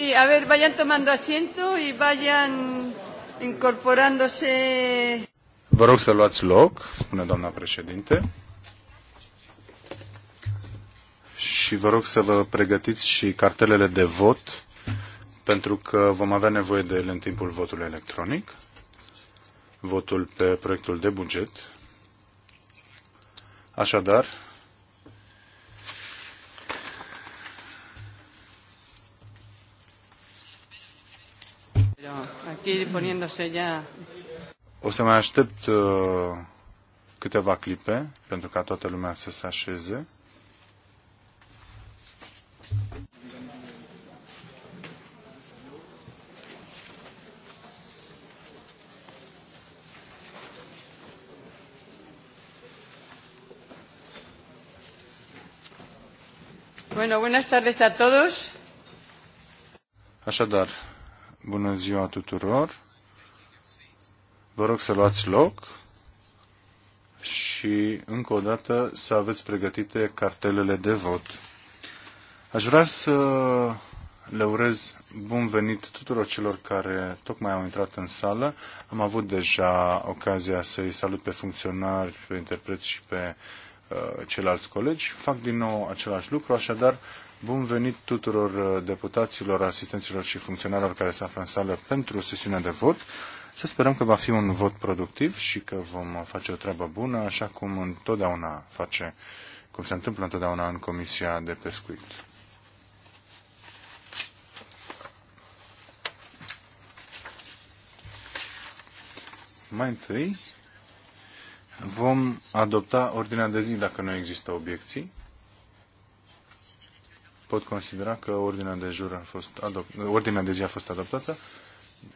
Sí, a ver, vayan tomando asiento y vayan incorporándose. Vă rog să luați loc, spune doamna președinte. Și vă rog să vă pregătiți și cartelele de vot, pentru că vom avea nevoie de ele în timpul votului electronic, votul pe proiectul de buget. Așadar, ir poniéndose ya. O să mai aștept uh, câteva clipe pentru ca toată lumea să se așeze. Bueno, buenas tardes a todos. Așadar, Bună ziua tuturor! Vă rog să luați loc și încă o dată să aveți pregătite cartelele de vot. Aș vrea să le urez bun venit tuturor celor care tocmai au intrat în sală. Am avut deja ocazia să-i salut pe funcționari, pe interpreți și pe uh, ceilalți colegi. Fac din nou același lucru, așadar Bun venit tuturor uh, deputaților, asistenților și funcționarilor care se află în sală pentru sesiunea de vot. Să sperăm că va fi un vot productiv și că vom face o treabă bună, așa cum întotdeauna face, cum se întâmplă întotdeauna în Comisia de Pescuit. Mai întâi vom adopta ordinea de zi dacă nu există obiecții pot considera că ordinea de, jur a fost adopt, ordinea de zi a fost adoptată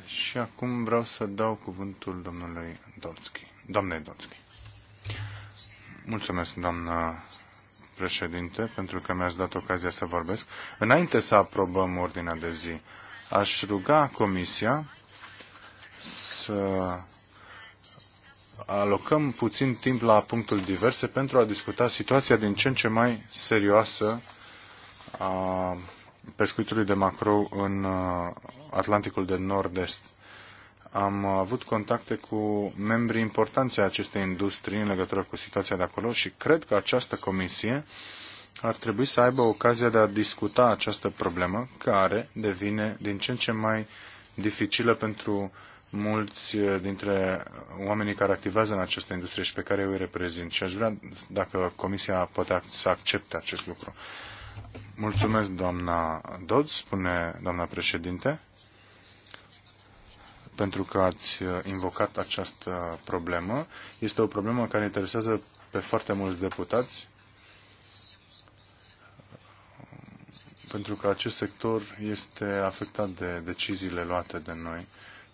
și acum vreau să dau cuvântul domnului Dolski, doamnei Dolski. Mulțumesc, doamnă președinte, pentru că mi-ați dat ocazia să vorbesc. Înainte să aprobăm ordinea de zi, aș ruga Comisia să alocăm puțin timp la punctul diverse pentru a discuta situația din ce în ce mai serioasă a pescuitului de macrou în uh, Atlanticul de Nord-Est. Am uh, avut contacte cu membrii importanți ai acestei industrii în legătură cu situația de acolo și cred că această comisie ar trebui să aibă ocazia de a discuta această problemă care devine din ce în ce mai dificilă pentru mulți uh, dintre oamenii care activează în această industrie și pe care eu îi reprezint. Și aș vrea dacă Comisia poate să accepte acest lucru. Mulțumesc, doamna Dodd, spune doamna președinte, pentru că ați uh, invocat această problemă. Este o problemă care interesează pe foarte mulți deputați, pentru că acest sector este afectat de deciziile luate de noi.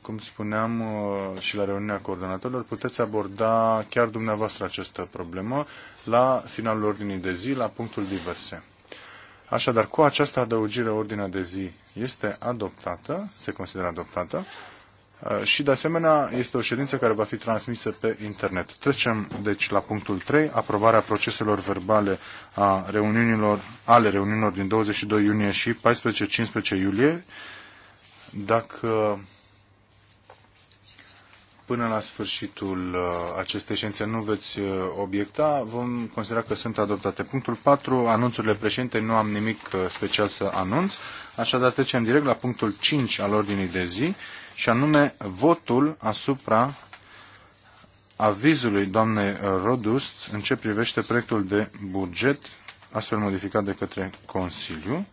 Cum spuneam uh, și la reuniunea coordonatorilor, puteți aborda chiar dumneavoastră această problemă la finalul ordinii de zi, la punctul diverse. Așadar, cu această adăugire, ordinea de zi este adoptată, se consideră adoptată uh, și, de asemenea, este o ședință care va fi transmisă pe internet. Trecem, deci, la punctul 3, aprobarea proceselor verbale a reuniunilor, ale reuniunilor din 22 iunie și 14-15 iulie. Dacă până la sfârșitul uh, acestei ședințe nu veți uh, obiecta, vom considera că sunt adoptate. Punctul 4, anunțurile președinte, nu am nimic uh, special să anunț, așadar trecem direct la punctul 5 al ordinii de zi și anume votul asupra avizului doamnei Rodust în ce privește proiectul de buget astfel modificat de către Consiliu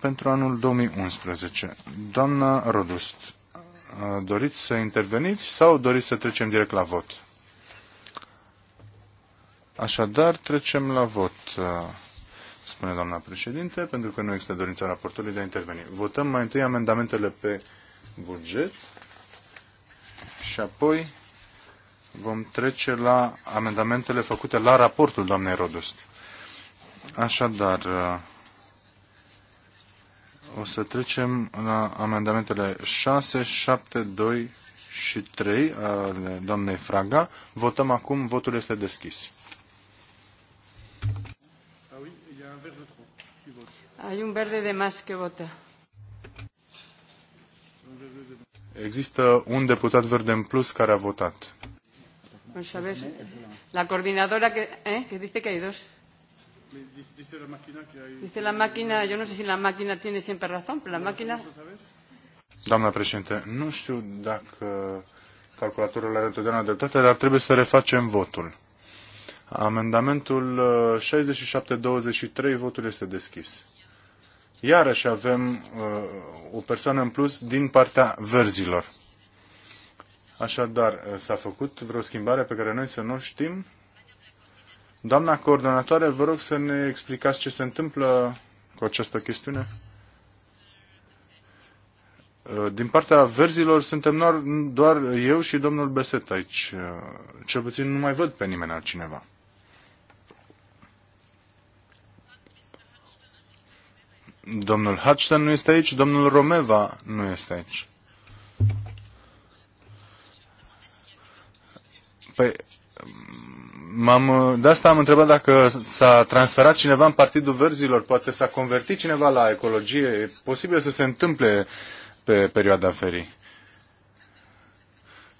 pentru anul 2011. Doamna Rodust, Doriți să interveniți sau doriți să trecem direct la vot? Așadar, trecem la vot, spune doamna președinte, pentru că nu există dorința raportului de a interveni. Votăm mai întâi amendamentele pe buget și apoi vom trece la amendamentele făcute la raportul doamnei Rodust. Așadar, o să trecem la amendamentele 6, 7, 2 și 3 ale doamnei Fraga. Votăm acum, votul este deschis. Ai un verde de mas que vota. Există un deputat verde în plus care a votat. La coordinadora care eh, că dice que hay Dice la máquina que hay... Dice la máquina, yo no sé si la máquina tiene siempre razón, pero la máquina... Doamna președinte, nu știu dacă calculatorul are întotdeauna dreptate, dar trebuie să refacem votul. Amendamentul 67-23, uh, votul este deschis. Iarăși avem uh, o persoană în plus din partea verzilor. Așadar, uh, s-a făcut vreo schimbare pe care noi să nu știm? Doamna coordonatoare, vă rog să ne explicați ce se întâmplă cu această chestiune. Uh, din partea verzilor suntem doar, doar eu și domnul Beset aici. Uh, cel puțin nu mai văd pe nimeni altcineva. Domnul Hatchton nu este aici, domnul Romeva nu este aici. Păi am uh, de asta am întrebat dacă s-a transferat cineva în Partidul Verzilor, poate s-a convertit cineva la ecologie, e posibil să se întâmple pe perioada ferii.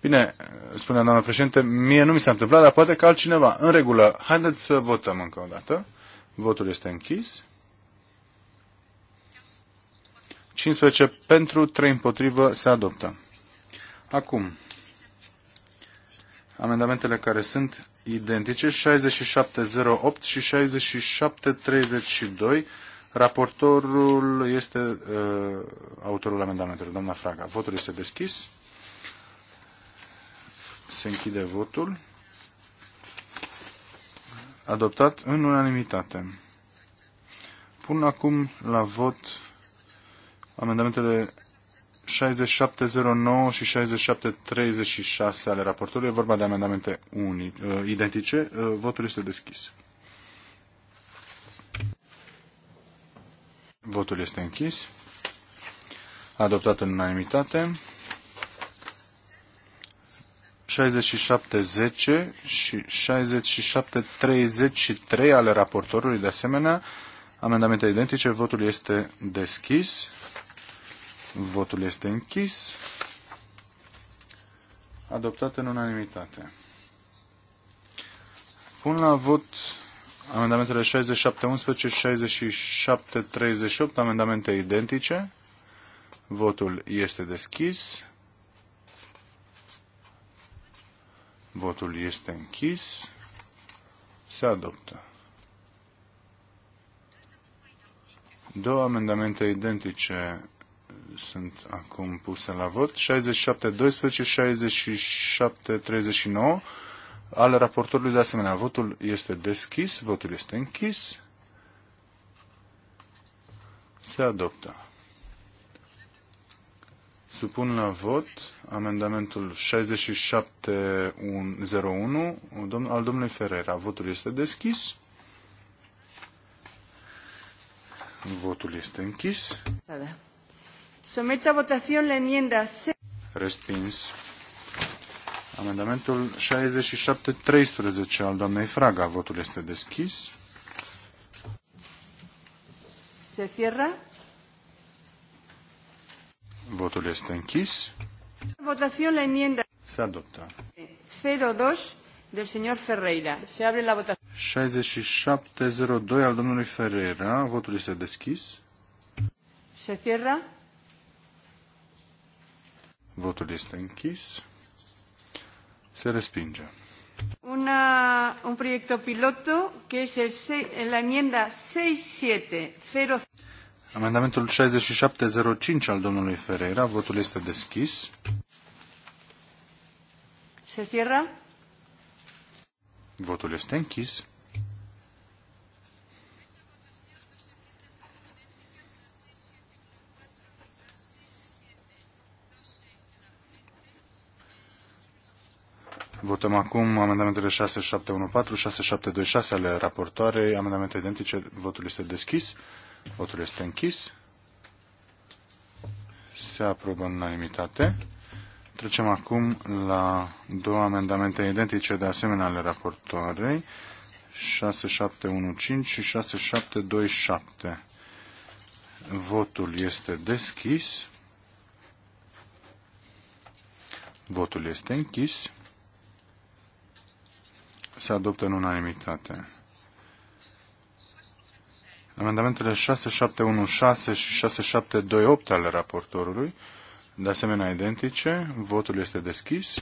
Bine, spunea doamna președinte, mie nu mi s-a întâmplat, dar poate că altcineva. În regulă, haideți să votăm încă o dată. Votul este închis. 15 pentru, 3 împotrivă, se adoptă. Acum, amendamentele care sunt identice 6708 și 6732. Raportorul este uh, autorul amendamentului, doamna Fraga. Votul este deschis. Se închide votul. Adoptat în unanimitate. Pun acum la vot amendamentele 6709 și 6736 ale raportului. E vorba de amendamente uni, uh, identice. Uh, votul este deschis. Votul este închis. Adoptat în unanimitate. 6710 și 6733 ale raportorului de asemenea. Amendamente identice. Votul este deschis. Votul este închis. Adoptat în unanimitate. Pun la vot amendamentele 6711 și 6738, amendamente identice. Votul este deschis. Votul este închis. Se adoptă. Două amendamente identice sunt acum puse la vot. 67-12, 67-39 al raportorului de asemenea. Votul este deschis, votul este închis. Se adoptă. Supun la vot amendamentul 6701 al domnului Ferreira. Votul este deschis. Votul este închis. Da, da. Someto a votación la enmienda C. Respins. Amendamentul 67-13 al doamnei Fraga. Votul este deschis. Se cierra. Votul este închis. Votación la enmienda. Se adoptă. 02 del señor Ferreira. Se abre la votación. 67-02 al domnului Ferreira. Votul este deschis. Se cierra. Votul este închis. Se respinge. Una, un uh, proiect piloto, care este la enmienda 6705. Amendamentul 6705 al domnului Ferreira. Votul este deschis. Se cierra. Votul este închis. Votăm acum amendamentele 6714, 6726 ale raportoarei, amendamente identice, votul este deschis, votul este închis, se aprobă în unanimitate. Trecem acum la două amendamente identice de asemenea ale raportoarei, 6715 și 6727. Votul este deschis. Votul este închis se adoptă în unanimitate. Amendamentele 6716 și 6728 ale raportorului, de asemenea identice, votul este deschis.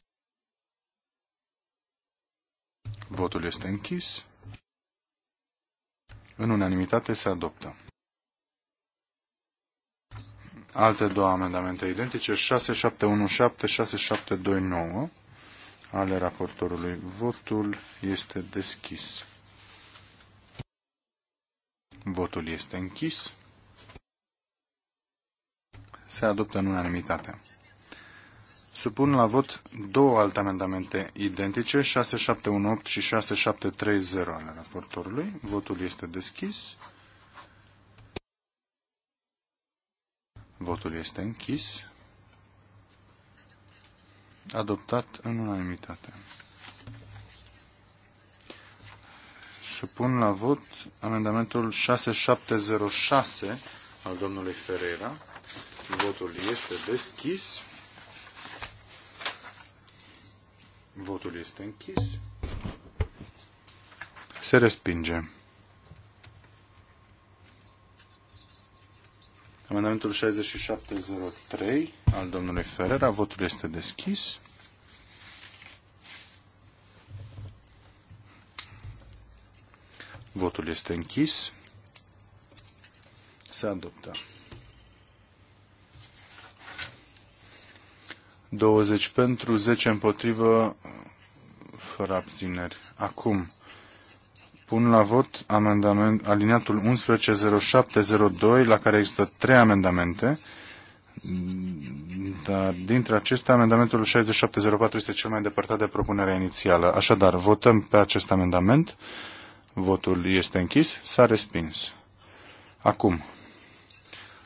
Votul este închis. În unanimitate se adoptă. Alte două amendamente identice, 6717, 6729 ale raportorului. Votul este deschis. Votul este închis. Se adoptă în unanimitate. Supun la vot două alte amendamente identice, 6718 și 6730 ale raportorului. Votul este deschis. Votul este închis adoptat în unanimitate. pun la vot amendamentul 6706 al domnului Ferreira. Votul este deschis. Votul este închis. Se respinge. Amendamentul 6703 al domnului Ferrera. Votul este deschis. Votul este închis. Se adoptă. 20 pentru, 10 împotrivă, fără abțineri. Acum, Pun la vot amendament, aliniatul 110702, la care există trei amendamente. Dar dintre acestea, amendamentul 6704 este cel mai depărtat de propunerea inițială. Așadar, votăm pe acest amendament. Votul este închis. S-a respins. Acum,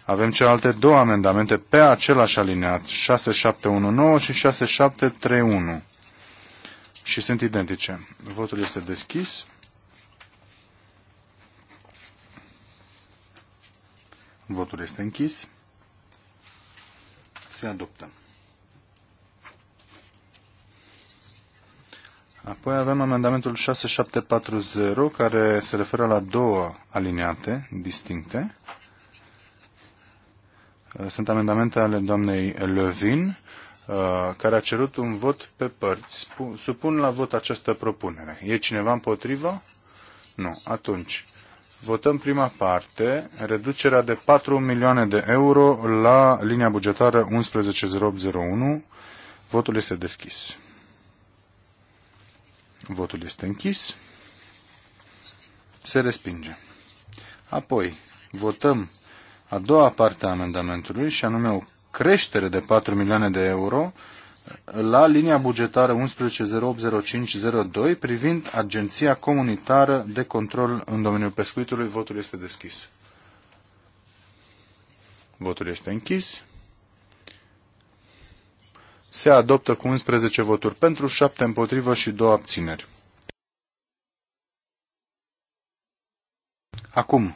avem celelalte două amendamente pe același alineat, 6719 și 6731. Și sunt identice. Votul este deschis. Votul este închis. Se adoptă. Apoi avem amendamentul 6740, care se referă la două aliniate distincte. Sunt amendamente ale doamnei Levin, uh, care a cerut un vot pe părți. Supun la vot această propunere. E cineva împotrivă? Nu. Atunci, Votăm prima parte, reducerea de 4 milioane de euro la linia bugetară 110801. Votul este deschis. Votul este închis. Se respinge. Apoi, votăm a doua parte a amendamentului și anume o creștere de 4 milioane de euro la linia bugetară 11080502 privind Agenția Comunitară de Control în domeniul pescuitului. Votul este deschis. Votul este închis. Se adoptă cu 11 voturi pentru, 7 împotrivă și 2 abțineri. Acum,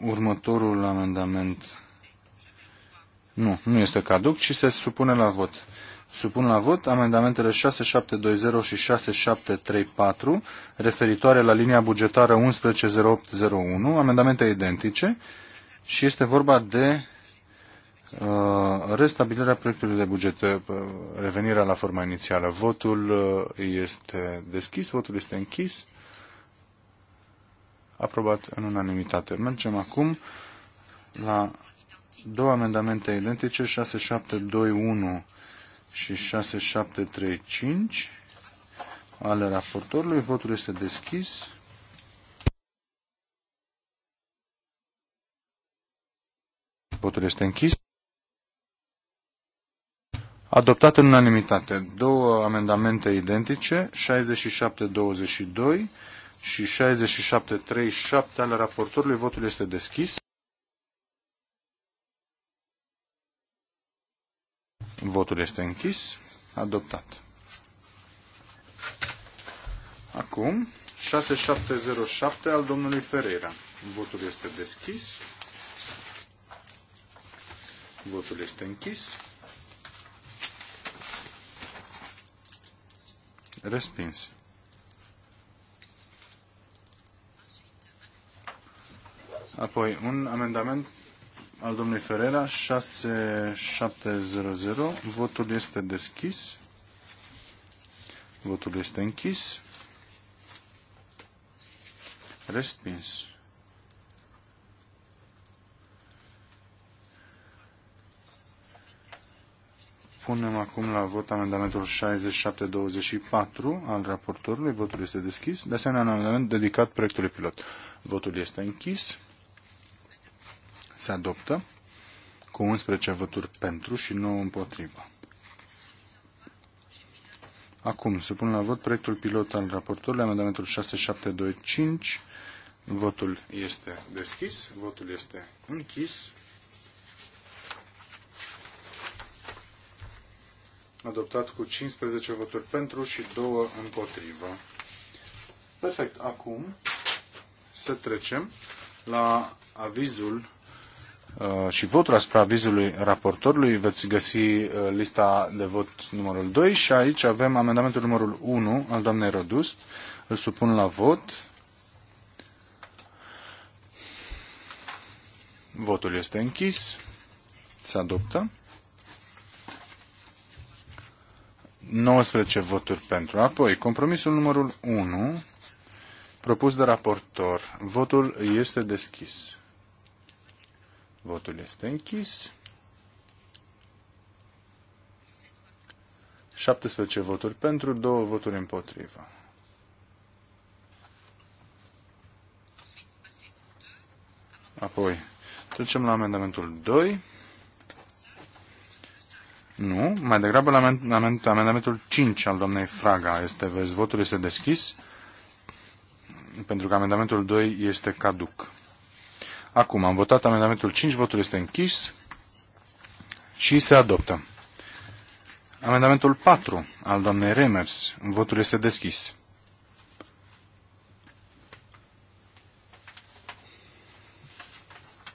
următorul amendament nu, nu este caduc, ci se supune la vot. Supun la vot amendamentele 6720 și 6734 referitoare la linia bugetară 110801, amendamente identice și este vorba de uh, restabilirea proiectului de buget, uh, revenirea la forma inițială. Votul uh, este deschis, votul este închis, aprobat în unanimitate. Mergem acum la două amendamente identice, 6721 și 6735 ale raportorului. Votul este deschis. Votul este închis. Adoptat în unanimitate două amendamente identice, 6722 și 6737 ale raportorului. Votul este deschis. Votul este închis. Adoptat. Acum, 6707 al domnului Ferreira. Votul este deschis. Votul este închis. Respins. Apoi, un amendament al domnului Ferreira, 6700. Votul este deschis. Votul este închis. Respins. Punem acum la vot amendamentul 6724 al raportorului. Votul este deschis. De asemenea, un amendament dedicat proiectului pilot. Votul este închis se adoptă cu 11 voturi pentru și 9 împotrivă. Acum, se pun la vot proiectul pilot al raportorului, amendamentul 6725. Votul este deschis, votul este închis. Adoptat cu 15 voturi pentru și 2 împotrivă. Perfect, acum să trecem la avizul Uh, și votul asupra avizului raportorului. Veți găsi uh, lista de vot numărul 2 și aici avem amendamentul numărul 1 al doamnei Rodus. Îl supun la vot. Votul este închis. Se adoptă. 19 voturi pentru. Apoi, compromisul numărul 1, propus de raportor. Votul este deschis. Votul este închis. 17 voturi pentru, 2 voturi împotrivă. Apoi, trecem la amendamentul 2. Nu, mai degrabă la amend amendamentul 5 al domnei Fraga. Este, vezi, votul este deschis pentru că amendamentul 2 este caduc. Acum, am votat amendamentul 5, votul este închis și se adoptă. Amendamentul 4 al doamnei Remers, votul este deschis.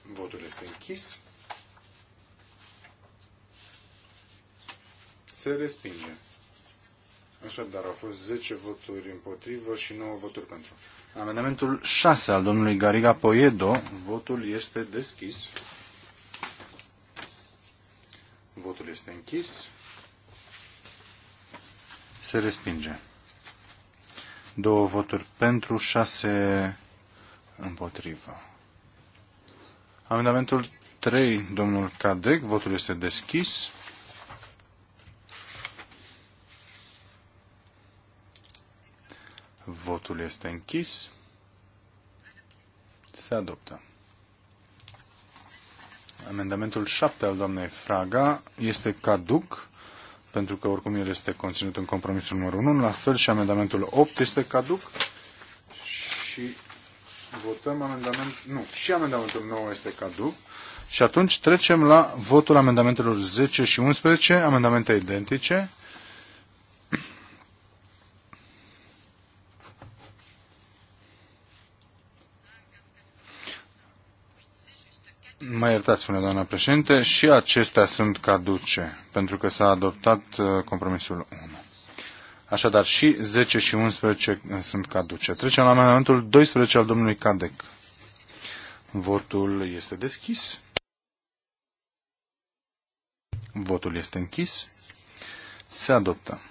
Votul este închis. Se respinge. Așadar, au fost 10 voturi împotrivă și 9 voturi pentru. Amendamentul 6 al domnului Gariga Poiedo, votul este deschis. Votul este închis. Se respinge. Două voturi pentru, 6 împotrivă. Amendamentul 3, domnul Cadec, votul este deschis. Votul este închis. Se adoptă. Amendamentul 7 al doamnei Fraga este caduc, pentru că oricum el este conținut în compromisul numărul 1. La fel și amendamentul 8 este caduc și votăm amendament... Nu, și amendamentul 9 este caduc. Și atunci trecem la votul amendamentelor 10 și 11, amendamente identice. Mă iertați, spune doamna președinte, și acestea sunt caduce, pentru că s-a adoptat uh, compromisul 1. Așadar, și 10 și 11 uh, sunt caduce. Trecem la amendamentul 12 al domnului Cadec. Votul este deschis. Votul este închis. Se adoptă.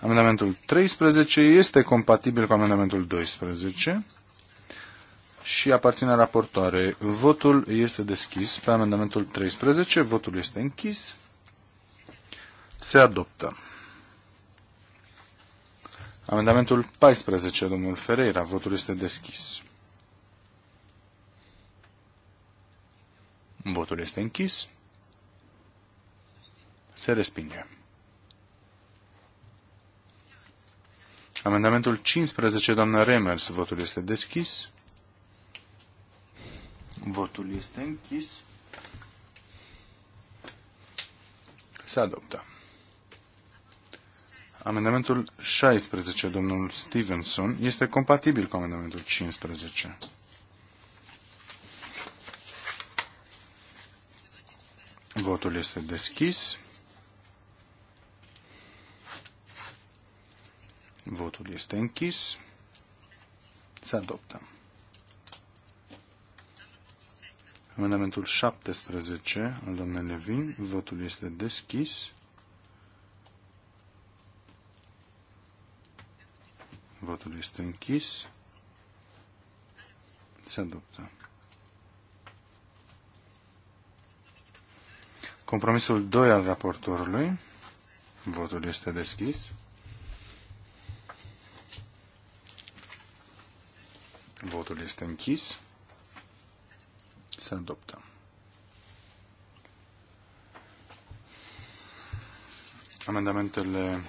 Amendamentul 13 este compatibil cu amendamentul 12 și aparține raportoare. Votul este deschis pe amendamentul 13. Votul este închis. Se adoptă. Amendamentul 14, domnul Ferreira. Votul este deschis. Votul este închis. Se respinge. Amendamentul 15, doamna Remers. Votul este deschis. Votul este închis. Se adoptă. Amendamentul 16, domnul Stevenson, este compatibil cu amendamentul 15. Votul este deschis. Votul este închis. Se adoptă. Amendamentul 17 al domnului Levin. Votul este deschis. Votul este închis. Se adoptă. Compromisul 2 al raportorului. Votul este deschis. Votul este închis se adoptă. Amendamentele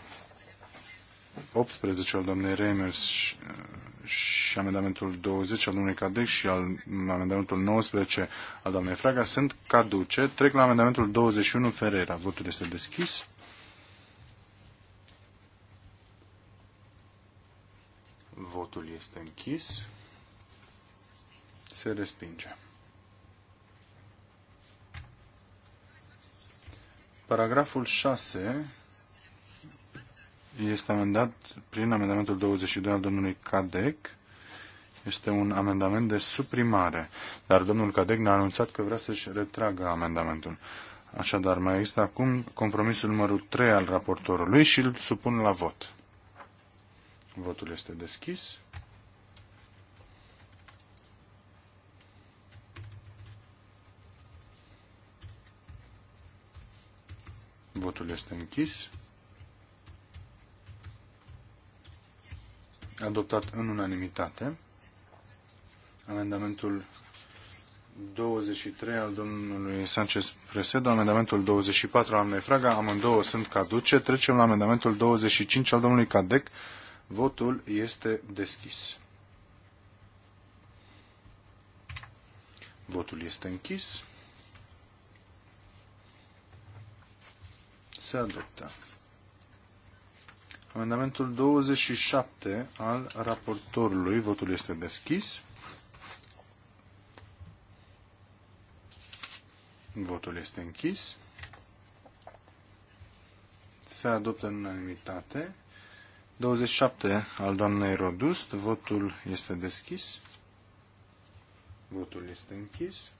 18 al doamnei Reimers și amendamentul 20 al domnului Cadec și al amendamentul 19 al doamnei Fraga sunt caduce. Trec la amendamentul 21 Ferreira. Votul este deschis. Votul este închis. Se respinge. Paragraful 6 este amendat prin amendamentul 22 al domnului Cadec. Este un amendament de suprimare, dar domnul Cadec ne-a anunțat că vrea să-și retragă amendamentul. Așadar, mai există acum compromisul numărul 3 al raportorului și îl supun la vot. Votul este deschis. Votul este închis. Adoptat în unanimitate. Amendamentul 23 al domnului Sanchez Presedo, amendamentul 24 al doamnei Fraga, amândouă sunt caduce. Trecem la amendamentul 25 al domnului Cadec. Votul este deschis. Votul este închis. se adoptă. Amendamentul 27 al raportorului, votul este deschis. Votul este închis. Se adoptă în unanimitate. 27 al doamnei Rodust. Votul este deschis. Votul este închis.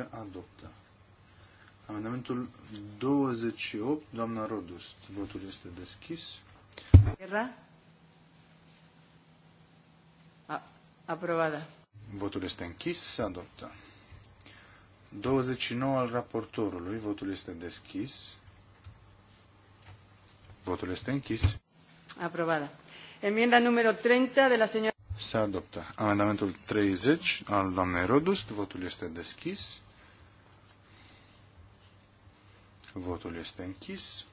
se adoptă. Amendamentul 28, doamna Rodust. Votul este deschis. Era? Aprobată. Votul este închis, se adoptă. 29 al raportorului, votul este deschis. Votul este închis. Aprobada. Enmienda numărul 30 de la señora se adoptă. Amendamentul 30 al doamnei Rodust. Votul este deschis. Votul este închis.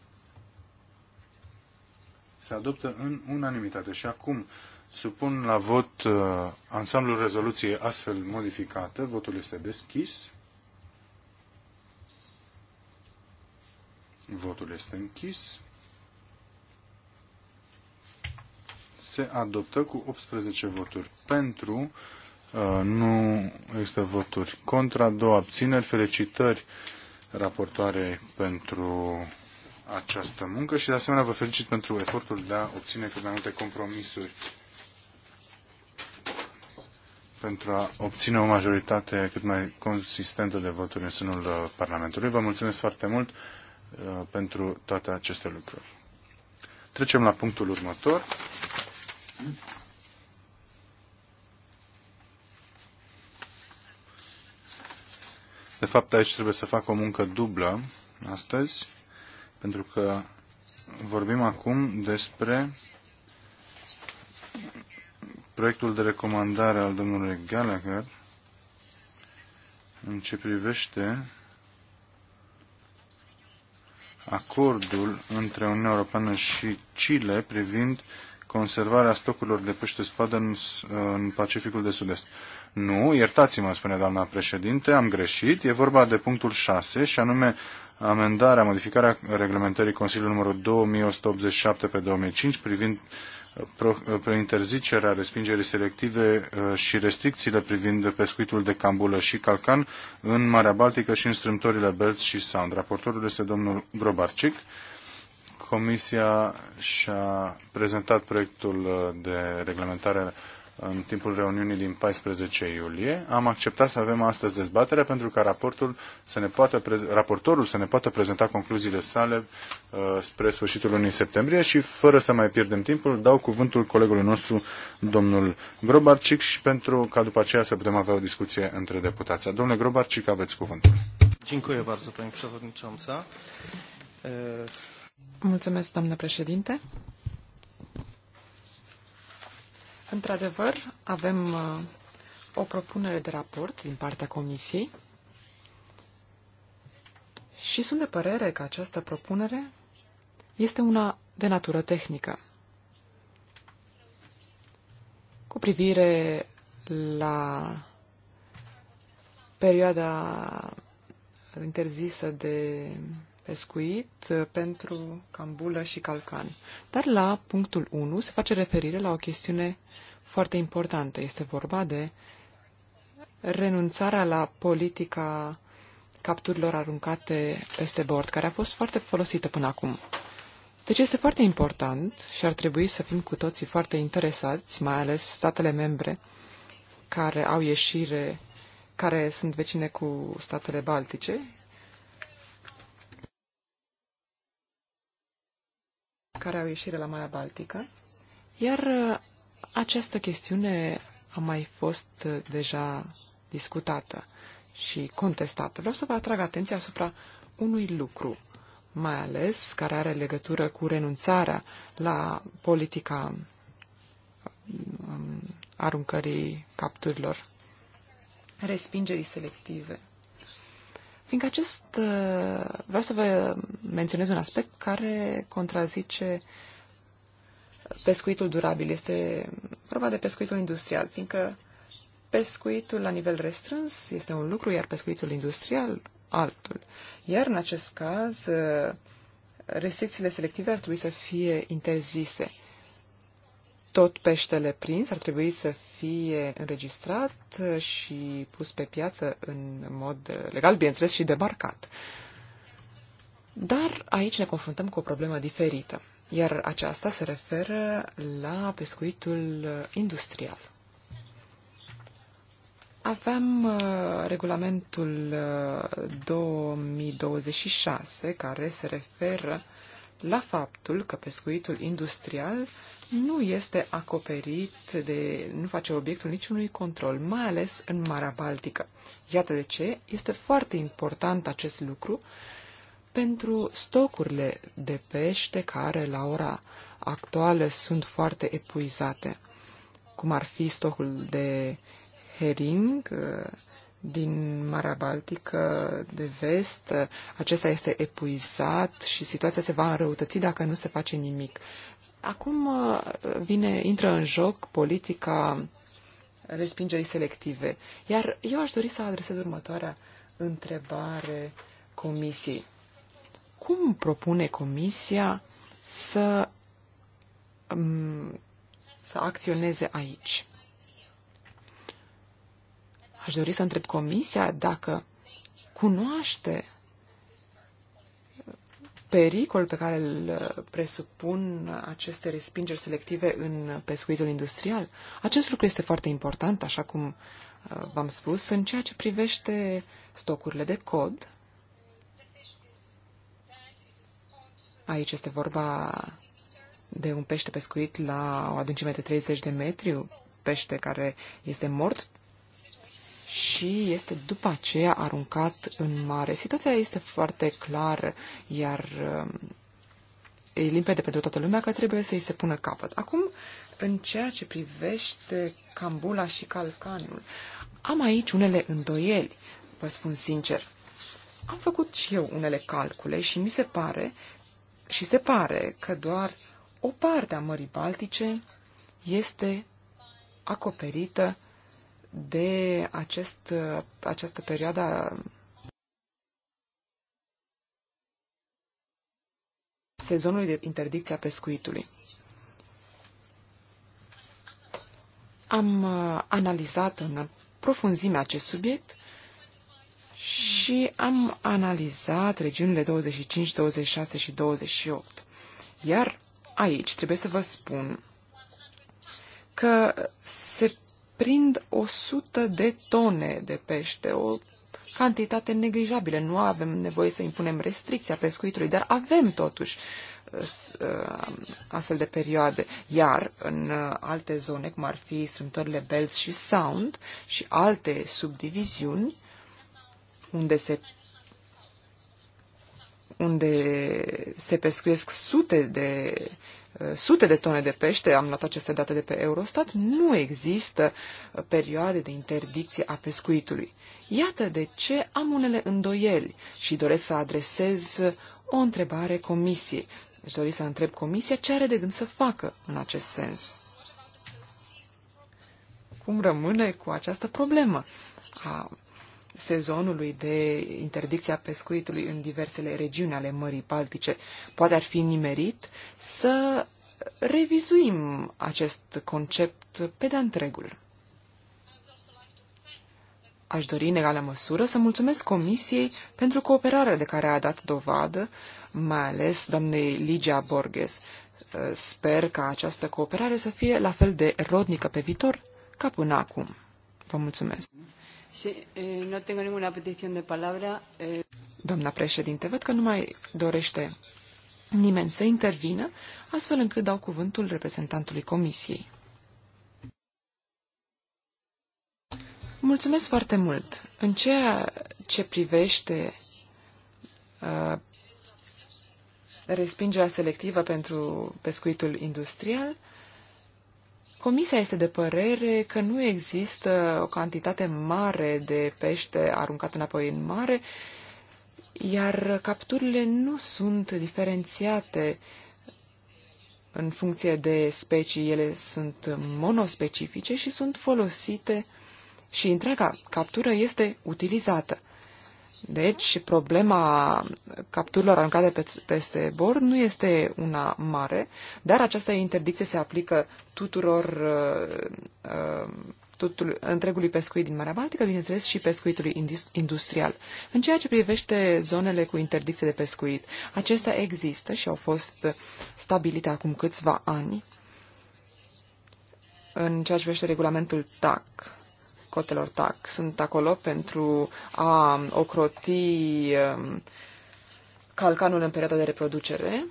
Se adoptă în unanimitate. Și acum supun la vot uh, ansamblul rezoluției astfel modificată. Votul este deschis. Votul este închis. se adoptă cu 18 voturi pentru, uh, nu există voturi contra, două abțineri, felicitări raportoare pentru această muncă și de asemenea vă felicit pentru efortul de a obține cât mai multe compromisuri pentru a obține o majoritate cât mai consistentă de voturi în sânul uh, Parlamentului. Vă mulțumesc foarte mult uh, pentru toate aceste lucruri. Trecem la punctul următor. De fapt, aici trebuie să fac o muncă dublă astăzi, pentru că vorbim acum despre proiectul de recomandare al domnului Gallagher în ce privește acordul între Uniunea Europeană și Chile privind conservarea stocurilor de pește spadă în, în Pacificul de Sud-Est. Nu, iertați-mă, spune doamna președinte, am greșit. E vorba de punctul 6 și anume amendarea, modificarea reglementării Consiliului numărul 2187 pe 2005 privind uh, pe uh, interzicerea respingerii selective uh, și restricțiile privind pescuitul de cambulă și calcan în Marea Baltică și în strâmtorile Belți și Sound. Raportorul este domnul Grobarcic. Comisia și-a prezentat proiectul uh, de reglementare în timpul reuniunii din 14 iulie. Am acceptat să avem astăzi dezbatere pentru ca raportul să ne poată, raportorul să ne poată prezenta concluziile sale uh, spre sfârșitul lunii septembrie și fără să mai pierdem timpul, dau cuvântul colegului nostru, domnul Grobarcic, și pentru ca după aceea să putem avea o discuție între deputați. Domnule Grobarcic, aveți cuvântul. Dziękuję bardzo, pani przewodnicząca. Mulțumesc, doamnă președinte. Într-adevăr, avem uh, o propunere de raport din partea Comisiei și sunt de părere că această propunere este una de natură tehnică. Cu privire la perioada interzisă de pescuit uh, pentru cambulă și calcan. Dar la punctul 1 se face referire la o chestiune foarte importantă. Este vorba de renunțarea la politica capturilor aruncate peste bord, care a fost foarte folosită până acum. Deci este foarte important și ar trebui să fim cu toții foarte interesați, mai ales statele membre care au ieșire, care sunt vecine cu statele baltice care au ieșire la Marea Baltică, iar uh, această chestiune a mai fost uh, deja discutată și contestată. Vreau să vă atrag atenția asupra unui lucru, mai ales care are legătură cu renunțarea la politica um, aruncării capturilor, respingerii selective. Fiindcă acest... Uh, vreau să vă menționez un aspect care contrazice pescuitul durabil. Este vorba de pescuitul industrial, fiindcă pescuitul la nivel restrâns este un lucru, iar pescuitul industrial altul. Iar în acest caz, uh, restricțiile selective ar trebui să fie interzise tot peștele prins ar trebui să fie înregistrat și pus pe piață în mod legal, bineînțeles, și demarcat. Dar aici ne confruntăm cu o problemă diferită, iar aceasta se referă la pescuitul industrial. Aveam uh, regulamentul uh, 2026 care se referă uh, la faptul că pescuitul industrial nu este acoperit de, nu face obiectul niciunui control, mai ales în Marea Baltică. Iată de ce este foarte important acest lucru pentru stocurile de pește care la ora actuală sunt foarte epuizate, cum ar fi stocul de hering, din Marea Baltică de vest, acesta este epuizat și situația se va înrăutăți dacă nu se face nimic. Acum uh, vine, intră în joc politica respingerii selective. Iar eu aș dori să adresez următoarea întrebare comisiei. Cum propune comisia să, mm, să acționeze aici? Aș dori să întreb Comisia dacă cunoaște pericol pe care îl presupun aceste respingeri selective în pescuitul industrial. Acest lucru este foarte important, așa cum uh, v-am spus, în ceea ce privește stocurile de cod. Aici este vorba de un pește pescuit la o adâncime de 30 de metri, pește care este mort și este după aceea aruncat în mare. Situația este foarte clară, iar um, e limpede pentru toată lumea că trebuie să îi se pună capăt. Acum, în ceea ce privește Cambula și Calcanul, am aici unele îndoieli, vă spun sincer. Am făcut și eu unele calcule și mi se pare și se pare că doar o parte a Mării Baltice este acoperită de acest, această perioadă sezonului de interdicție a pescuitului. Am uh, analizat în profunzime acest subiect și am analizat regiunile 25, 26 și 28. Iar aici trebuie să vă spun că se prind 100 de tone de pește, o cantitate neglijabilă. Nu avem nevoie să impunem restricția pescuitului, dar avem totuși uh, uh, astfel de perioade. Iar în uh, alte zone, cum ar fi strâmtorile Bells și Sound și alte subdiviziuni, unde se unde se pescuiesc sute de Eh, sute de tone de pește, am luat aceste date de pe Eurostat, nu există eh, perioade de interdicție a pescuitului. Iată de ce am unele îndoieli și doresc să adresez eh, o întrebare comisiei. Deci dori să întreb comisia ce are de gând să facă în acest sens. Cum rămâne cu această problemă a sezonului de interdicția pescuitului în diversele regiuni ale Mării Baltice, poate ar fi nimerit să revizuim acest concept pe de întregul. Aș dori în egală măsură să mulțumesc Comisiei pentru cooperarea de care a dat dovadă, mai ales doamnei Ligia Borges. Sper ca această cooperare să fie la fel de rodnică pe viitor ca până acum. Vă mulțumesc! Sí, eh, eh, Doamna președinte, văd că nu mai dorește nimeni să intervină, astfel încât dau cuvântul reprezentantului comisiei. Mulțumesc foarte mult. În ceea ce privește uh, respingerea selectivă pentru pescuitul industrial, uh, Comisia este de părere că nu există o cantitate mare de pește aruncat înapoi în mare, iar capturile nu sunt diferențiate în funcție de specii. Ele sunt monospecifice și sunt folosite și întreaga captură este utilizată. Deci, problema capturilor aruncate pe, peste bord nu este una mare, dar această interdicție se aplică tuturor uh, uh tutul, întregului pescuit din Marea Baltică, bineînțeles și pescuitului industrial. În ceea ce privește zonele cu interdicție de pescuit, acestea există și au fost stabilite acum câțiva ani în ceea ce privește regulamentul TAC cotelor TAC. Sunt acolo pentru a ocroti um, calcanul în perioada de reproducere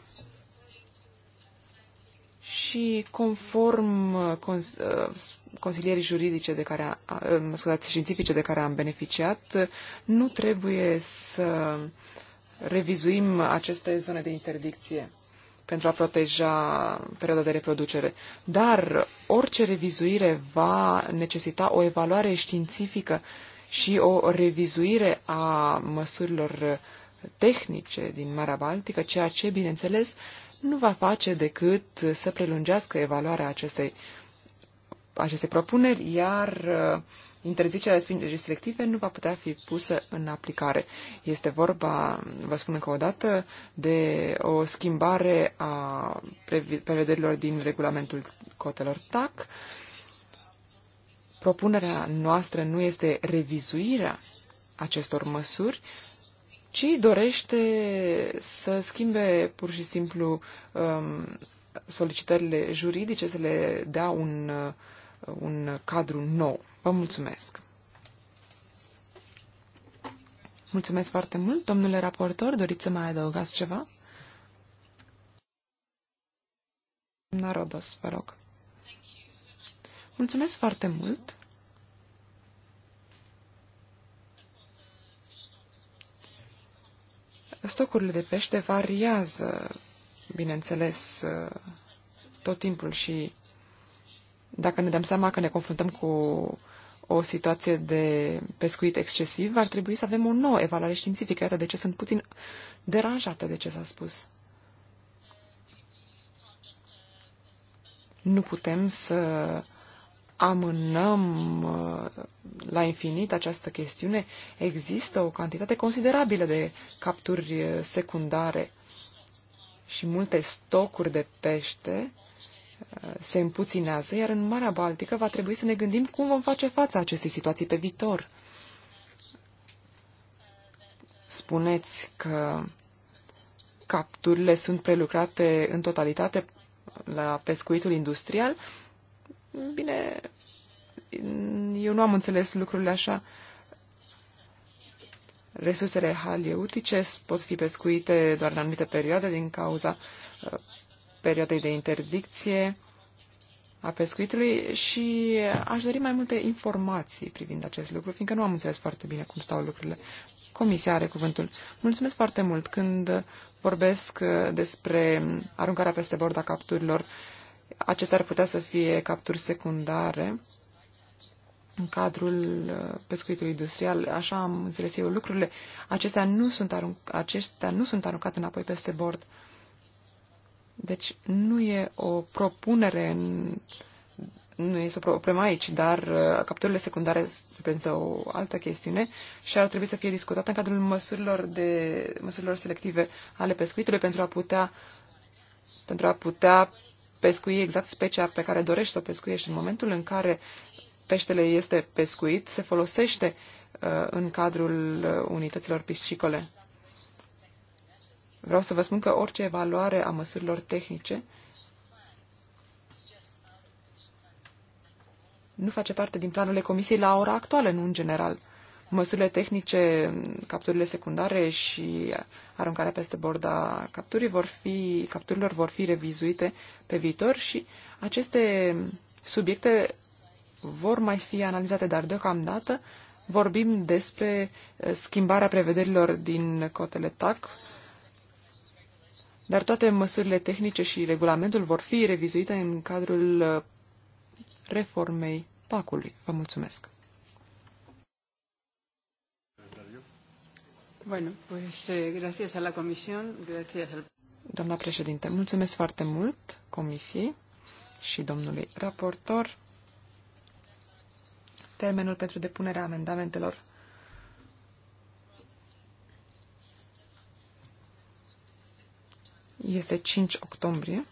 și conform uh, uh, consilierii juridice de care, uh, scuzați, științifice de care am beneficiat, nu trebuie să revizuim aceste zone de interdicție pentru a proteja perioada de reproducere. Dar orice revizuire va necesita o evaluare științifică și o revizuire a măsurilor tehnice din Marea Baltică, ceea ce, bineînțeles, nu va face decât să prelungească evaluarea acestei aceste propuneri, iar uh, interzicerea restrictive nu va putea fi pusă în aplicare. Este vorba, vă spun încă o dată, de o schimbare a prevederilor din regulamentul cotelor TAC. Propunerea noastră nu este revizuirea acestor măsuri, ci dorește să schimbe pur și simplu um, solicitările juridice, să le dea un uh, un cadru nou. Vă mulțumesc! Mulțumesc foarte mult, domnule raportor. Doriți să mai adăugați ceva? Doamna Rodos, vă rog. Mulțumesc foarte mult. Stocurile de pește variază, bineînțeles, tot timpul și dacă ne dăm seama că ne confruntăm cu o situație de pescuit excesiv, ar trebui să avem o nouă evaluare științifică. Iată de ce sunt puțin deranjată de ce s-a spus. Nu putem să amânăm uh, la infinit această chestiune. Există o cantitate considerabilă de capturi uh, secundare și multe stocuri de pește se împuținează, iar în Marea Baltică va trebui să ne gândim cum vom face față acestei situații pe viitor. Spuneți că capturile sunt prelucrate în totalitate la pescuitul industrial. Bine, eu nu am înțeles lucrurile așa. Resursele haleutice pot fi pescuite doar în anumite perioade din cauza uh, perioadei de interdicție a pescuitului și aș dori mai multe informații privind acest lucru, fiindcă nu am înțeles foarte bine cum stau lucrurile. Comisia are cuvântul. Mulțumesc foarte mult. Când vorbesc despre aruncarea peste bord a capturilor, acestea ar putea să fie capturi secundare în cadrul uh, pescuitului industrial, așa am înțeles eu lucrurile, acestea nu sunt, arunc, acestea nu sunt aruncate înapoi peste bord. Deci nu e o propunere în nu este o problemă aici, dar uh, capturile secundare reprezintă o altă chestiune și ar trebui să fie discutată în cadrul măsurilor, de, măsurilor selective ale pescuitului pentru a putea pentru a putea pescui exact specia pe care dorești să o pescuiești. În momentul în care peștele este pescuit, se folosește uh, în cadrul uh, unităților piscicole. Vreau să vă spun că orice evaluare a măsurilor tehnice nu face parte din planurile Comisiei la ora actuală, nu în general. Măsurile tehnice, capturile secundare și aruncarea peste borda capturii vor fi, capturilor vor fi revizuite pe viitor și aceste subiecte vor mai fi analizate, dar deocamdată vorbim despre schimbarea prevederilor din cotele TAC, dar toate măsurile tehnice și regulamentul vor fi revizuite în cadrul uh, reformei PAC-ului. Vă mulțumesc! Bueno, pues eh, gracias a la comisión, gracias al... Doamna președinte, mulțumesc foarte mult comisiei și domnului raportor. Termenul pentru depunerea amendamentelor este 5 octombrie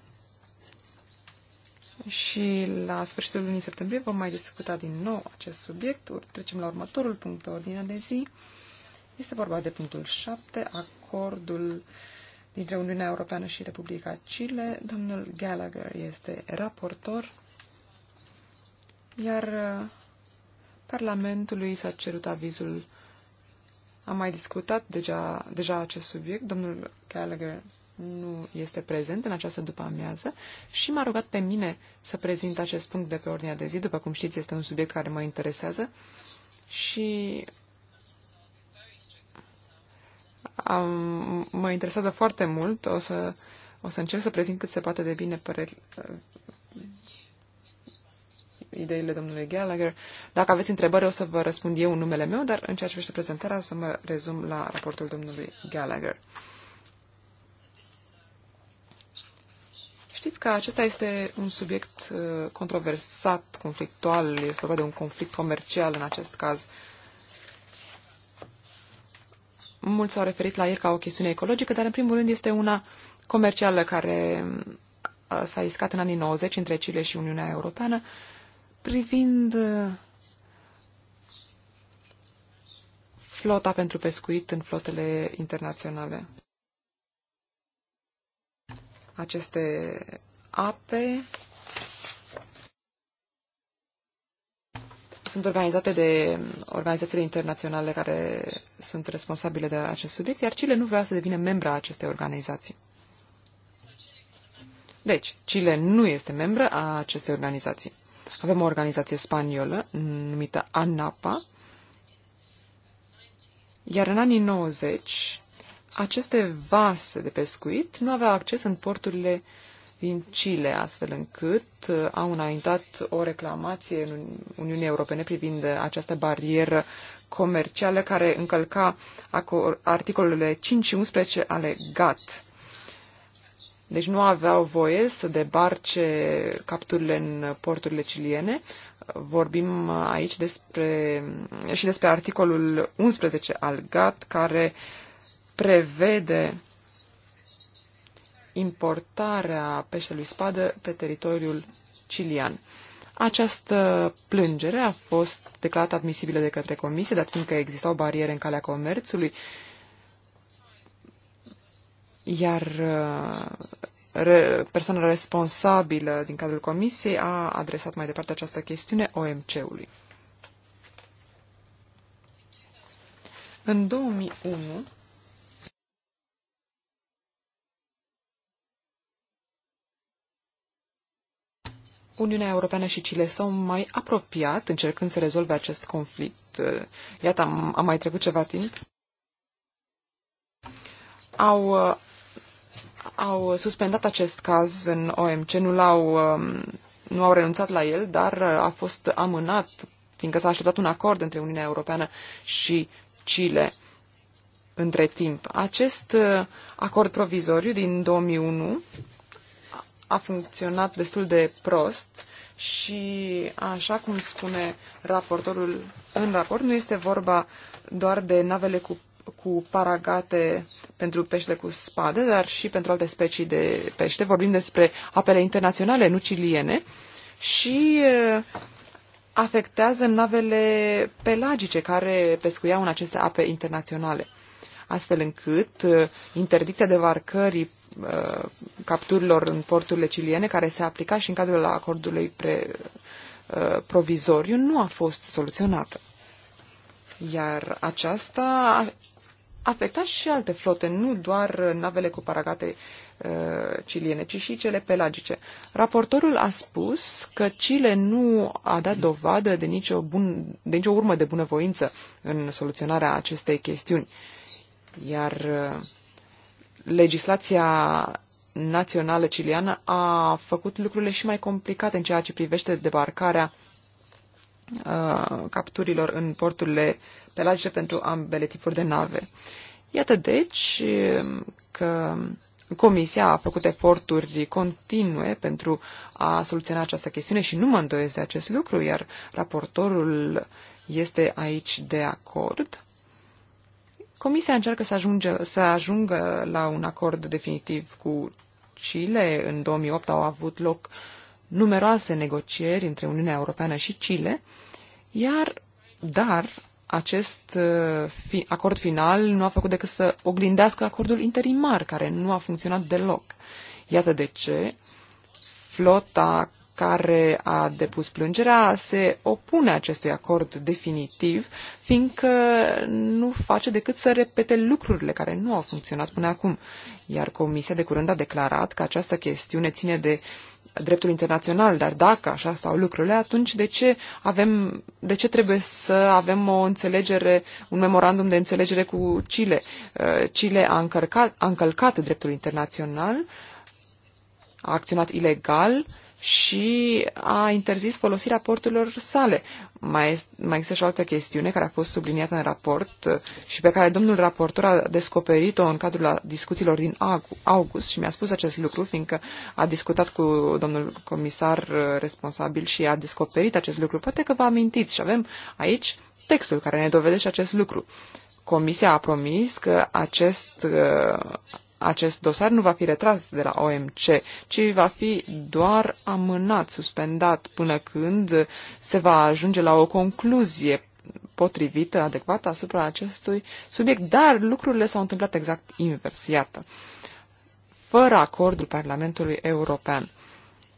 și la sfârșitul lunii septembrie vom mai discuta din nou acest subiect. Trecem la următorul punct pe ordinea de zi. Este vorba de punctul 7, acordul dintre Uniunea Europeană și Republica Chile. Domnul Gallagher este raportor, iar uh, Parlamentului s-a cerut avizul. Am mai discutat deja, deja acest subiect. Domnul Gallagher nu este prezent în această după-amiază și m-a rugat pe mine să prezint acest punct de pe ordinea de zi. După cum știți, este un subiect care mă interesează și am, mă interesează foarte mult. O să, o să încerc să prezint cât se poate de bine păreri, ideile domnului Gallagher. Dacă aveți întrebări, o să vă răspund eu în numele meu, dar în ceea ce privește prezentarea, o să mă rezum la raportul domnului Gallagher. Știți că acesta este un subiect uh, controversat, conflictual, este vorba de un conflict comercial în acest caz. Mulți s-au referit la el ca o chestiune ecologică, dar în primul rând este una comercială care uh, s-a iscat în anii 90 între Chile și Uniunea Europeană privind uh, flota pentru pescuit în flotele internaționale aceste ape sunt organizate de organizațiile internaționale care sunt responsabile de acest subiect, iar Chile nu vrea să devină membra acestei organizații. Deci, Chile nu este membră a acestei organizații. Avem o organizație spaniolă numită ANAPA, iar în anii 90 aceste vase de pescuit nu aveau acces în porturile din Chile, astfel încât uh, au înaintat o reclamație în Uniunea Europene privind această barieră comercială care încălca articolele 5 și 11 ale GATT. Deci nu aveau voie să debarce capturile în porturile ciliene. Vorbim aici despre, și despre articolul 11 al GATT, care uh, prevede importarea peștelui spadă pe teritoriul cilian. Această plângere a fost declarată admisibilă de către comisie, dat fiindcă existau bariere în calea comerțului, iar uh, persoana responsabilă din cadrul comisiei a adresat mai departe această chestiune OMC-ului. În 2001, Uniunea Europeană și Chile s-au mai apropiat încercând să rezolve acest conflict. Iată, am, am mai trecut ceva timp. Au, au suspendat acest caz în OMC, nu, l-au, nu au renunțat la el, dar a fost amânat, fiindcă s-a așteptat un acord între Uniunea Europeană și Chile între timp. Acest acord provizoriu din 2001 a funcționat destul de prost și, așa cum spune raportorul în raport, nu este vorba doar de navele cu, cu paragate pentru pește cu spade, dar și pentru alte specii de pește. Vorbim despre apele internaționale, nu ciliene, și afectează navele pelagice care pescuiau în aceste ape internaționale astfel încât interdicția varcării Uh, capturilor în porturile ciliene, care se aplica și în cadrul acordului pre, uh, provizoriu, nu a fost soluționată. Iar aceasta afecta și alte flote, nu doar navele cu paragate uh, ciliene, ci și cele pelagice. Raportorul a spus că Chile nu a dat dovadă de nicio, bun, de nicio urmă de bunăvoință în soluționarea acestei chestiuni. Iar uh, legislația națională ciliană a făcut lucrurile și mai complicate în ceea ce privește debarcarea uh, capturilor în porturile pelagice pentru ambele tipuri de nave. Iată deci că Comisia a făcut eforturi continue pentru a soluționa această chestiune și nu mă îndoiesc de acest lucru, iar raportorul este aici de acord Comisia încearcă să, ajunge, să ajungă la un acord definitiv cu Chile. În 2008 au avut loc numeroase negocieri între Uniunea Europeană și Chile, iar, dar, acest uh, fi, acord final nu a făcut decât să oglindească acordul interimar, care nu a funcționat deloc. Iată de ce flota care a depus plângerea se opune acestui acord definitiv, fiindcă nu face decât să repete lucrurile care nu au funcționat până acum. Iar Comisia de curând a declarat că această chestiune ține de dreptul internațional, dar dacă așa stau lucrurile, atunci de ce, avem, de ce trebuie să avem o înțelegere, un memorandum de înțelegere cu Chile? Uh, Chile a, încărcat, a încălcat dreptul internațional, a acționat ilegal și a interzis folosirea porturilor sale. Mai, este, mai există și o altă chestiune care a fost subliniată în raport uh, și pe care domnul raportor a descoperit-o în cadrul discuțiilor din august și mi-a spus acest lucru, fiindcă a discutat cu domnul comisar uh, responsabil și a descoperit acest lucru. Poate că vă amintiți și avem aici textul care ne dovedește acest lucru. Comisia a promis că acest, uh, acest dosar nu va fi retras de la OMC, ci va fi doar amânat, suspendat, până când se va ajunge la o concluzie potrivită, adecvată asupra acestui subiect, dar lucrurile s-au întâmplat exact invers, iată, fără acordul Parlamentului European.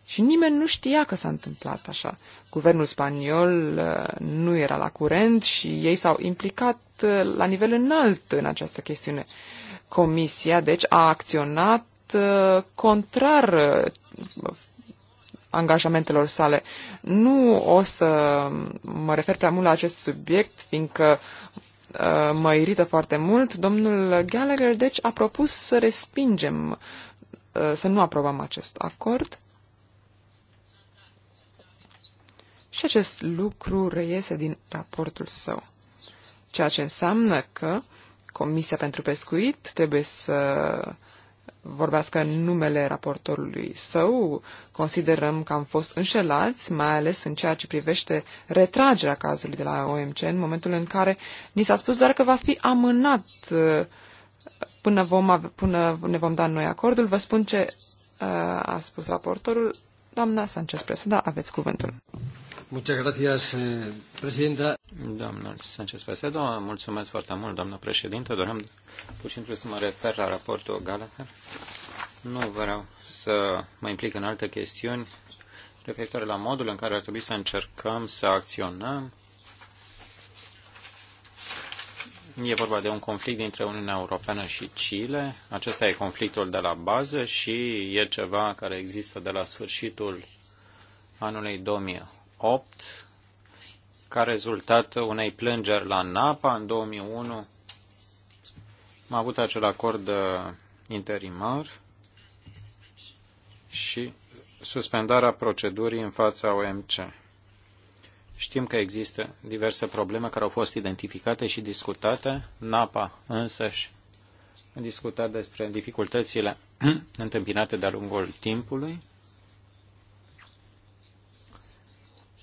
Și nimeni nu știa că s-a întâmplat așa. Guvernul spaniol uh, nu era la curent și ei s-au implicat uh, la nivel înalt în această chestiune. Comisia, deci, a acționat uh, contrar uh, angajamentelor sale. Nu o să mă refer prea mult la acest subiect, fiindcă uh, mă irită foarte mult. Domnul Gallagher, deci, a propus să respingem, să nu aprobăm acest acord. Și acest lucru reiese din raportul său. Ceea ce înseamnă că uh, Comisia pentru Pescuit trebuie să vorbească în numele raportorului său. Considerăm că am fost înșelați, mai ales în ceea ce privește retragerea cazului de la OMC, în momentul în care ni s-a spus doar că va fi amânat uh, până, vom ave- până ne vom da noi acordul. Vă spun ce uh, a spus raportorul. Doamna Sanchez da, aveți cuvântul. Muchas gracias, eh, presidenta. Doamna Sánchez Pesedo, mulțumesc foarte mult, doamnă președinte. Doream pur și simplu să mă refer la raportul Gallagher. Nu vreau să mă implic în alte chestiuni referitoare la modul în care ar trebui să încercăm să acționăm. E vorba de un conflict dintre Uniunea Europeană și Chile. Acesta e conflictul de la bază și e ceva care există de la sfârșitul anului 2000 2008 ca rezultat unei plângeri la NAPA în 2001. Am avut acel acord uh, interimar și suspendarea procedurii în fața OMC. Știm că există diverse probleme care au fost identificate și discutate. NAPA însăși a discutat despre dificultățile întâmpinate de-a lungul timpului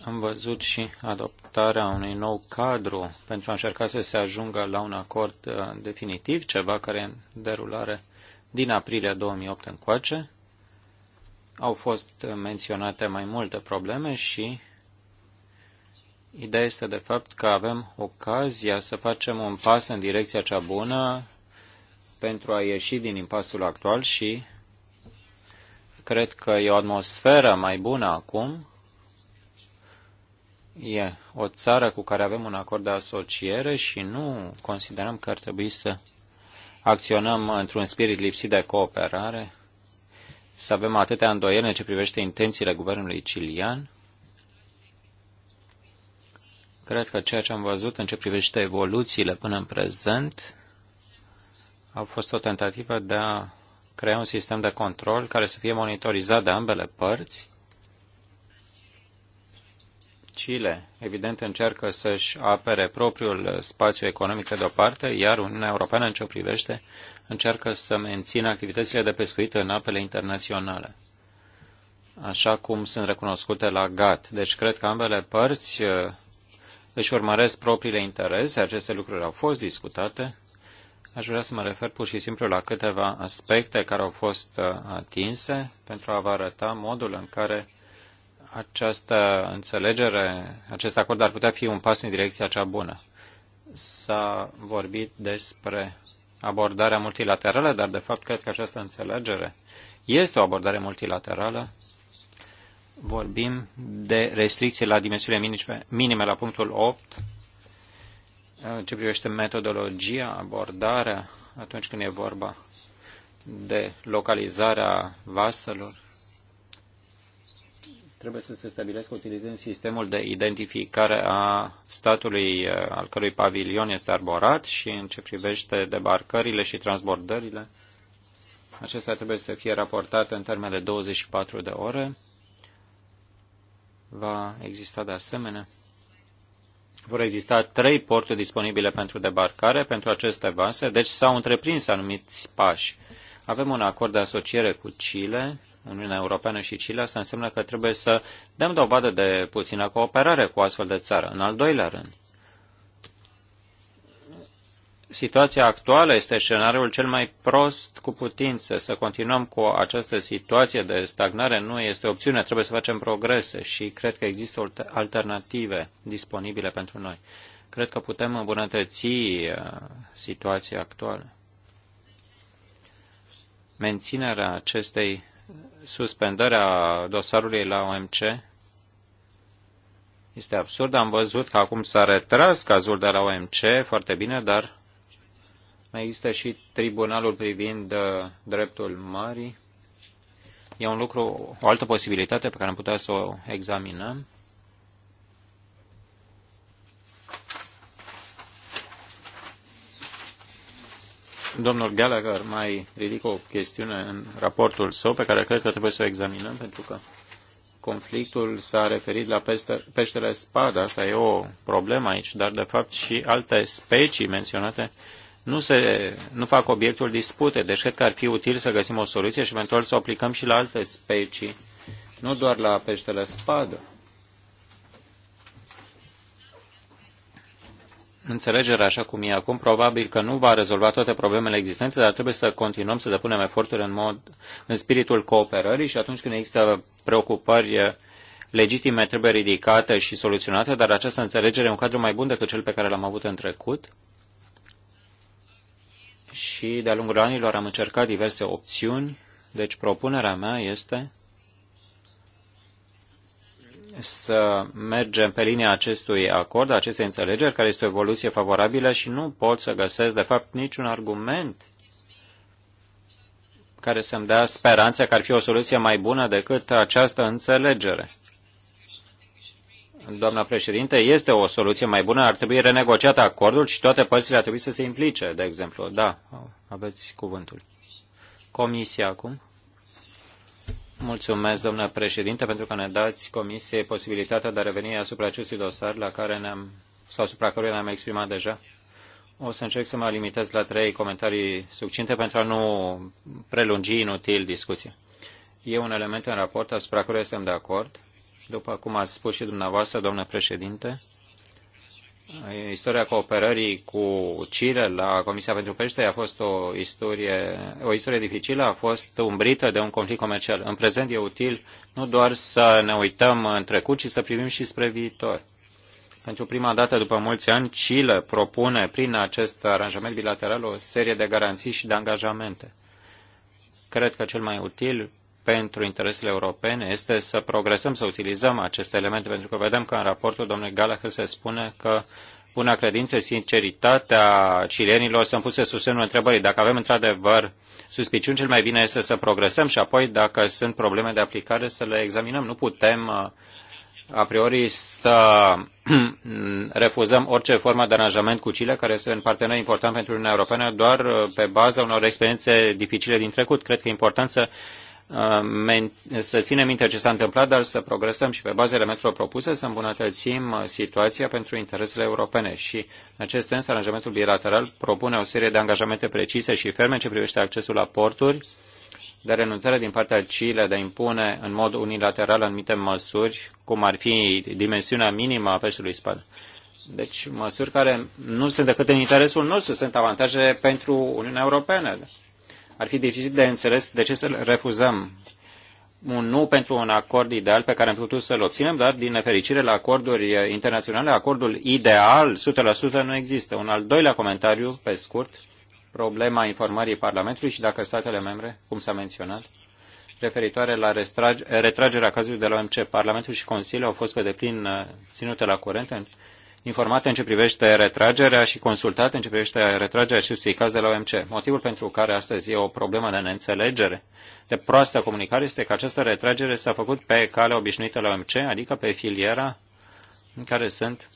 am văzut și adoptarea unui nou cadru pentru a încerca să se ajungă la un acord uh, definitiv, ceva care în derulare din aprilie 2008 încoace. Au fost menționate mai multe probleme și ideea este de fapt că avem ocazia să facem un pas în direcția cea bună pentru a ieși din impasul actual și cred că e o atmosferă mai bună acum e o țară cu care avem un acord de asociere și nu considerăm că ar trebui să acționăm într-un spirit lipsit de cooperare, să avem atâtea îndoiele în ce privește intențiile guvernului cilian. Cred că ceea ce am văzut în ce privește evoluțiile până în prezent a fost o tentativă de a crea un sistem de control care să fie monitorizat de ambele părți Chile, evident, încearcă să-și apere propriul spațiu economic pe de-o parte, iar Uniunea Europeană, în ce o privește, încearcă să mențină activitățile de pescuit în apele internaționale, așa cum sunt recunoscute la GATT. Deci, cred că ambele părți uh, își urmăresc propriile interese, aceste lucruri au fost discutate. Aș vrea să mă refer pur și simplu la câteva aspecte care au fost uh, atinse pentru a vă arăta modul în care această înțelegere, acest acord ar putea fi un pas în direcția cea bună. S-a vorbit despre abordarea multilaterală, dar de fapt cred că această înțelegere este o abordare multilaterală. Vorbim de restricții la dimensiunile minime la punctul 8, ce privește metodologia, abordarea atunci când e vorba de localizarea vaselor trebuie să se stabilească utilizând sistemul de identificare a statului eh, al cărui pavilion este arborat și în ce privește debarcările și transbordările. Acestea trebuie să fie raportate în termen de 24 de ore. Va exista de asemenea. Vor exista trei porturi disponibile pentru debarcare pentru aceste vase, deci s-au întreprins anumiți pași. Avem un acord de asociere cu Chile, Uniunea Europeană și Chile, asta înseamnă că trebuie să dăm dovadă de puțină cooperare cu astfel de țară. În al doilea rând, situația actuală este scenariul cel mai prost cu putință. Să continuăm cu această situație de stagnare nu este opțiune, trebuie să facem progrese și cred că există alternative disponibile pentru noi. Cred că putem îmbunătăți uh, situația actuală. Menținerea acestei suspendarea dosarului la OMC este absurd. Am văzut că acum s-a retras cazul de la OMC, foarte bine, dar mai există și tribunalul privind uh, dreptul mării. E un lucru, o altă posibilitate pe care am putea să o examinăm. Domnul Gallagher mai ridică o chestiune în raportul său pe care cred că trebuie să o examinăm pentru că conflictul s-a referit la peste peștele spada, asta e o problemă aici, dar de fapt și alte specii menționate nu, se, nu fac obiectul dispute, deci cred că ar fi util să găsim o soluție și eventual să o aplicăm și la alte specii, nu doar la peștele spadă. Înțelegere, așa cum e acum probabil că nu va rezolva toate problemele existente, dar trebuie să continuăm să depunem eforturi în, mod, în spiritul cooperării și atunci când există preocupări legitime trebuie ridicate și soluționate, dar această înțelegere e un cadru mai bun decât cel pe care l-am avut în trecut. Și de-a lungul anilor am încercat diverse opțiuni, deci propunerea mea este să mergem pe linia acestui acord, acestei înțelegeri, care este o evoluție favorabilă și nu pot să găsesc, de fapt, niciun argument care să-mi dea speranța că ar fi o soluție mai bună decât această înțelegere. Doamna președinte, este o soluție mai bună, ar trebui renegociat acordul și toate părțile ar trebui să se implice, de exemplu. Da, aveți cuvântul. Comisia acum. Mulțumesc, domnule președinte, pentru că ne dați comisiei posibilitatea de a reveni asupra acestui dosar la care ne-am, sau asupra căruia ne-am exprimat deja. O să încerc să mă limitez la trei comentarii succinte pentru a nu prelungi inutil discuția. E un element în raport asupra căruia suntem de acord. După cum ați spus și dumneavoastră, domnule președinte, Istoria cooperării cu Chile la Comisia pentru Pește a fost o istorie, o istorie dificilă, a fost umbrită de un conflict comercial. În prezent e util nu doar să ne uităm în trecut, ci să privim și spre viitor. Pentru prima dată după mulți ani, Chile propune prin acest aranjament bilateral o serie de garanții și de angajamente. Cred că cel mai util pentru interesele europene este să progresăm, să utilizăm aceste elemente, pentru că vedem că în raportul domnului Gallagher se spune că una credință, sinceritatea cilenilor sunt puse sub semnul întrebării. Dacă avem într-adevăr suspiciuni, cel mai bine este să progresăm și apoi, dacă sunt probleme de aplicare, să le examinăm. Nu putem uh, a priori să refuzăm orice formă de aranjament cu Chile, care este un partener important pentru Uniunea Europeană, doar uh, pe baza unor experiențe dificile din trecut. Cred că e important să Uh, să ținem minte ce s-a întâmplat, dar să progresăm și pe baza elementelor propuse să îmbunătățim uh, situația pentru interesele europene. Și, în acest sens, aranjamentul bilateral propune o serie de angajamente precise și ferme în ce privește accesul la porturi, de renunțare din partea Chile de a impune în mod unilateral anumite măsuri, cum ar fi dimensiunea minimă a peștelui spad. Deci măsuri care nu sunt decât în interesul nostru, sunt avantaje pentru Uniunea Europeană ar fi dificil de înțeles de ce să refuzăm un nu pentru un acord ideal pe care am putut să-l obținem, dar din nefericire la acorduri internaționale, acordul ideal 100% nu există. Un al doilea comentariu, pe scurt, problema informării Parlamentului și dacă statele membre, cum s-a menționat, referitoare la retragerea cazului de la OMC. Parlamentul și Consiliul au fost pe deplin uh, ținute la curent în Informate în ce privește retragerea și consultate în ce privește retragerea acestui caz de la OMC. Motivul pentru care astăzi e o problemă de neînțelegere, de proastă comunicare, este că această retragere s-a făcut pe calea obișnuită la OMC, adică pe filiera în care sunt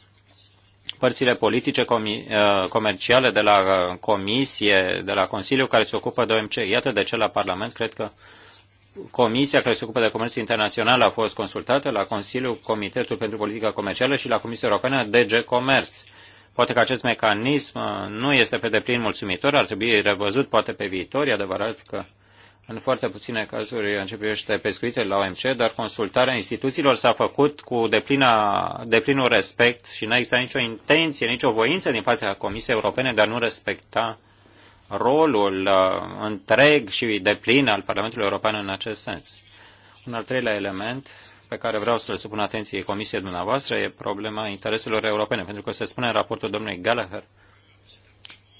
părțile politice uh, comerciale de la uh, Comisie, de la Consiliu, care se ocupă de OMC. Iată de ce la Parlament cred că Comisia care se ocupă de comerț internațional a fost consultată la Consiliul Comitetul pentru Politică Comercială și la Comisia Europeană DG Comerț. Poate că acest mecanism uh, nu este pe deplin mulțumitor, ar trebui revăzut poate pe viitor, e adevărat că în foarte puține cazuri începește pescuitul la OMC, dar consultarea instituțiilor s-a făcut cu deplina, deplinul respect și nu a existat nicio intenție, nicio voință din partea Comisiei Europene de a nu respecta rolul uh, întreg și de plin al Parlamentului European în acest sens. Un al treilea element pe care vreau să-l supun atenției Comisiei dumneavoastră e problema intereselor europene, pentru că se spune în raportul domnului Gallagher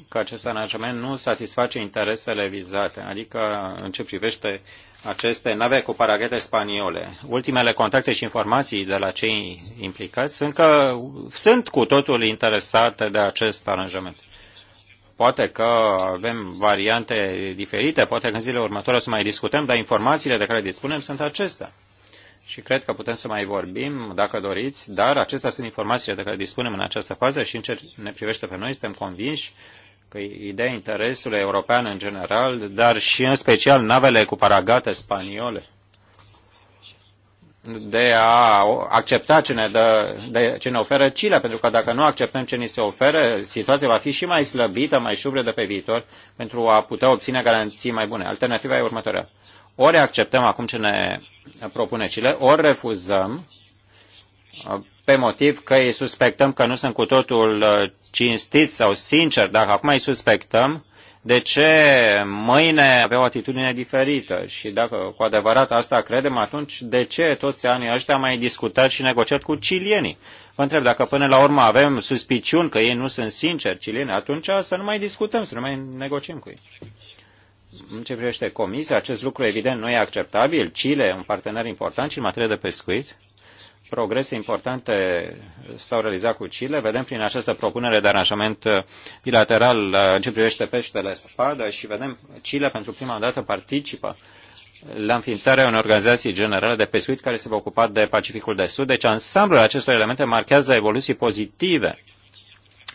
că acest aranjament nu satisface interesele vizate, adică în ce privește aceste nave cu paraghete spaniole. Ultimele contacte și informații de la cei implicați sunt că sunt cu totul interesate de acest aranjament. Poate că avem variante diferite, poate că în zilele următoare să mai discutăm, dar informațiile de care dispunem sunt acestea. Și cred că putem să mai vorbim, dacă doriți, dar acestea sunt informațiile de care dispunem în această fază și în ce ne privește pe noi, suntem convinși că ideea interesului european în general, dar și în special navele cu paragate spaniole de a accepta ce ne, dă, de, ce ne oferă Chile, pentru că dacă nu acceptăm ce ni se oferă, situația va fi și mai slăbită, mai de pe viitor, pentru a putea obține garanții mai bune. Alternativa e următoarea. Ori acceptăm acum ce ne propune Chile, ori refuzăm pe motiv că îi suspectăm că nu sunt cu totul uh, cinstiți sau sinceri. Dacă acum îi suspectăm, de ce mâine avea o atitudine diferită și dacă cu adevărat asta credem, atunci de ce toți anii ăștia mai discutat și negociat cu cilienii? Vă întreb, dacă până la urmă avem suspiciuni că ei nu sunt sinceri cilieni, atunci să nu mai discutăm, să nu mai negociem cu ei. În ce privește comisia, acest lucru evident nu e acceptabil. Chile, un partener important și în materie de pescuit, progrese importante s-au realizat cu Chile. Vedem prin această propunere de aranjament uh, bilateral uh, în ce privește peștele spadă și vedem Chile pentru prima dată participă la înființarea unei organizații generale de pescuit care se va ocupa de Pacificul de Sud. Deci ansamblul acestor elemente marchează evoluții pozitive.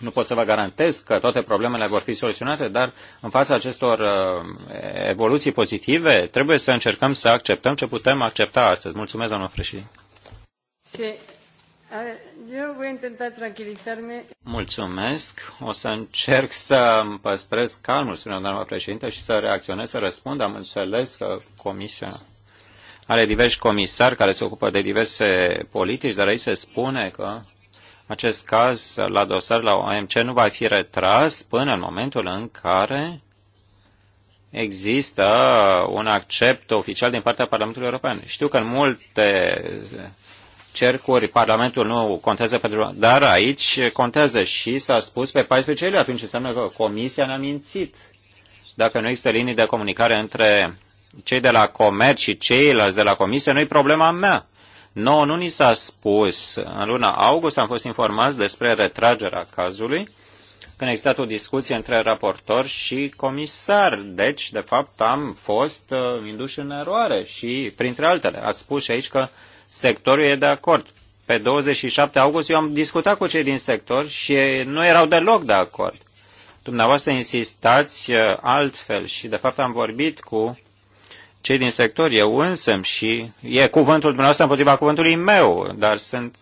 Nu pot să vă garantez că toate problemele vor fi soluționate, dar în fața acestor uh, evoluții pozitive trebuie să încercăm să acceptăm ce putem accepta astăzi. Mulțumesc, domnul președinte. Mulțumesc. O să încerc să îmi păstrez calmul, spune doamna președinte, și să reacționez, să răspund. Am înțeles că comisia are diversi comisari care se ocupă de diverse politici, dar aici se spune că acest caz la dosar la OMC nu va fi retras până în momentul în care există un accept oficial din partea Parlamentului European. Știu că în multe cercuri Parlamentul nu contează pentru... Dar aici contează și s-a spus pe 14 iulie, atunci înseamnă că Comisia ne-a mințit. Dacă nu există linii de comunicare între cei de la Comerț și ceilalți de la Comisie, nu-i problema mea. No, nu ni s-a spus. În luna august am fost informați despre retragerea cazului, când a existat o discuție între raportor și comisar. Deci, de fapt, am fost uh, induși în eroare și, printre altele, a spus și aici că uh, sectorul e de acord. Pe 27 august eu am discutat cu cei din sector și nu erau deloc de acord. Dumneavoastră insistați uh, altfel și de fapt am vorbit cu cei din sector, eu însă și e cuvântul dumneavoastră împotriva cuvântului meu, dar sunt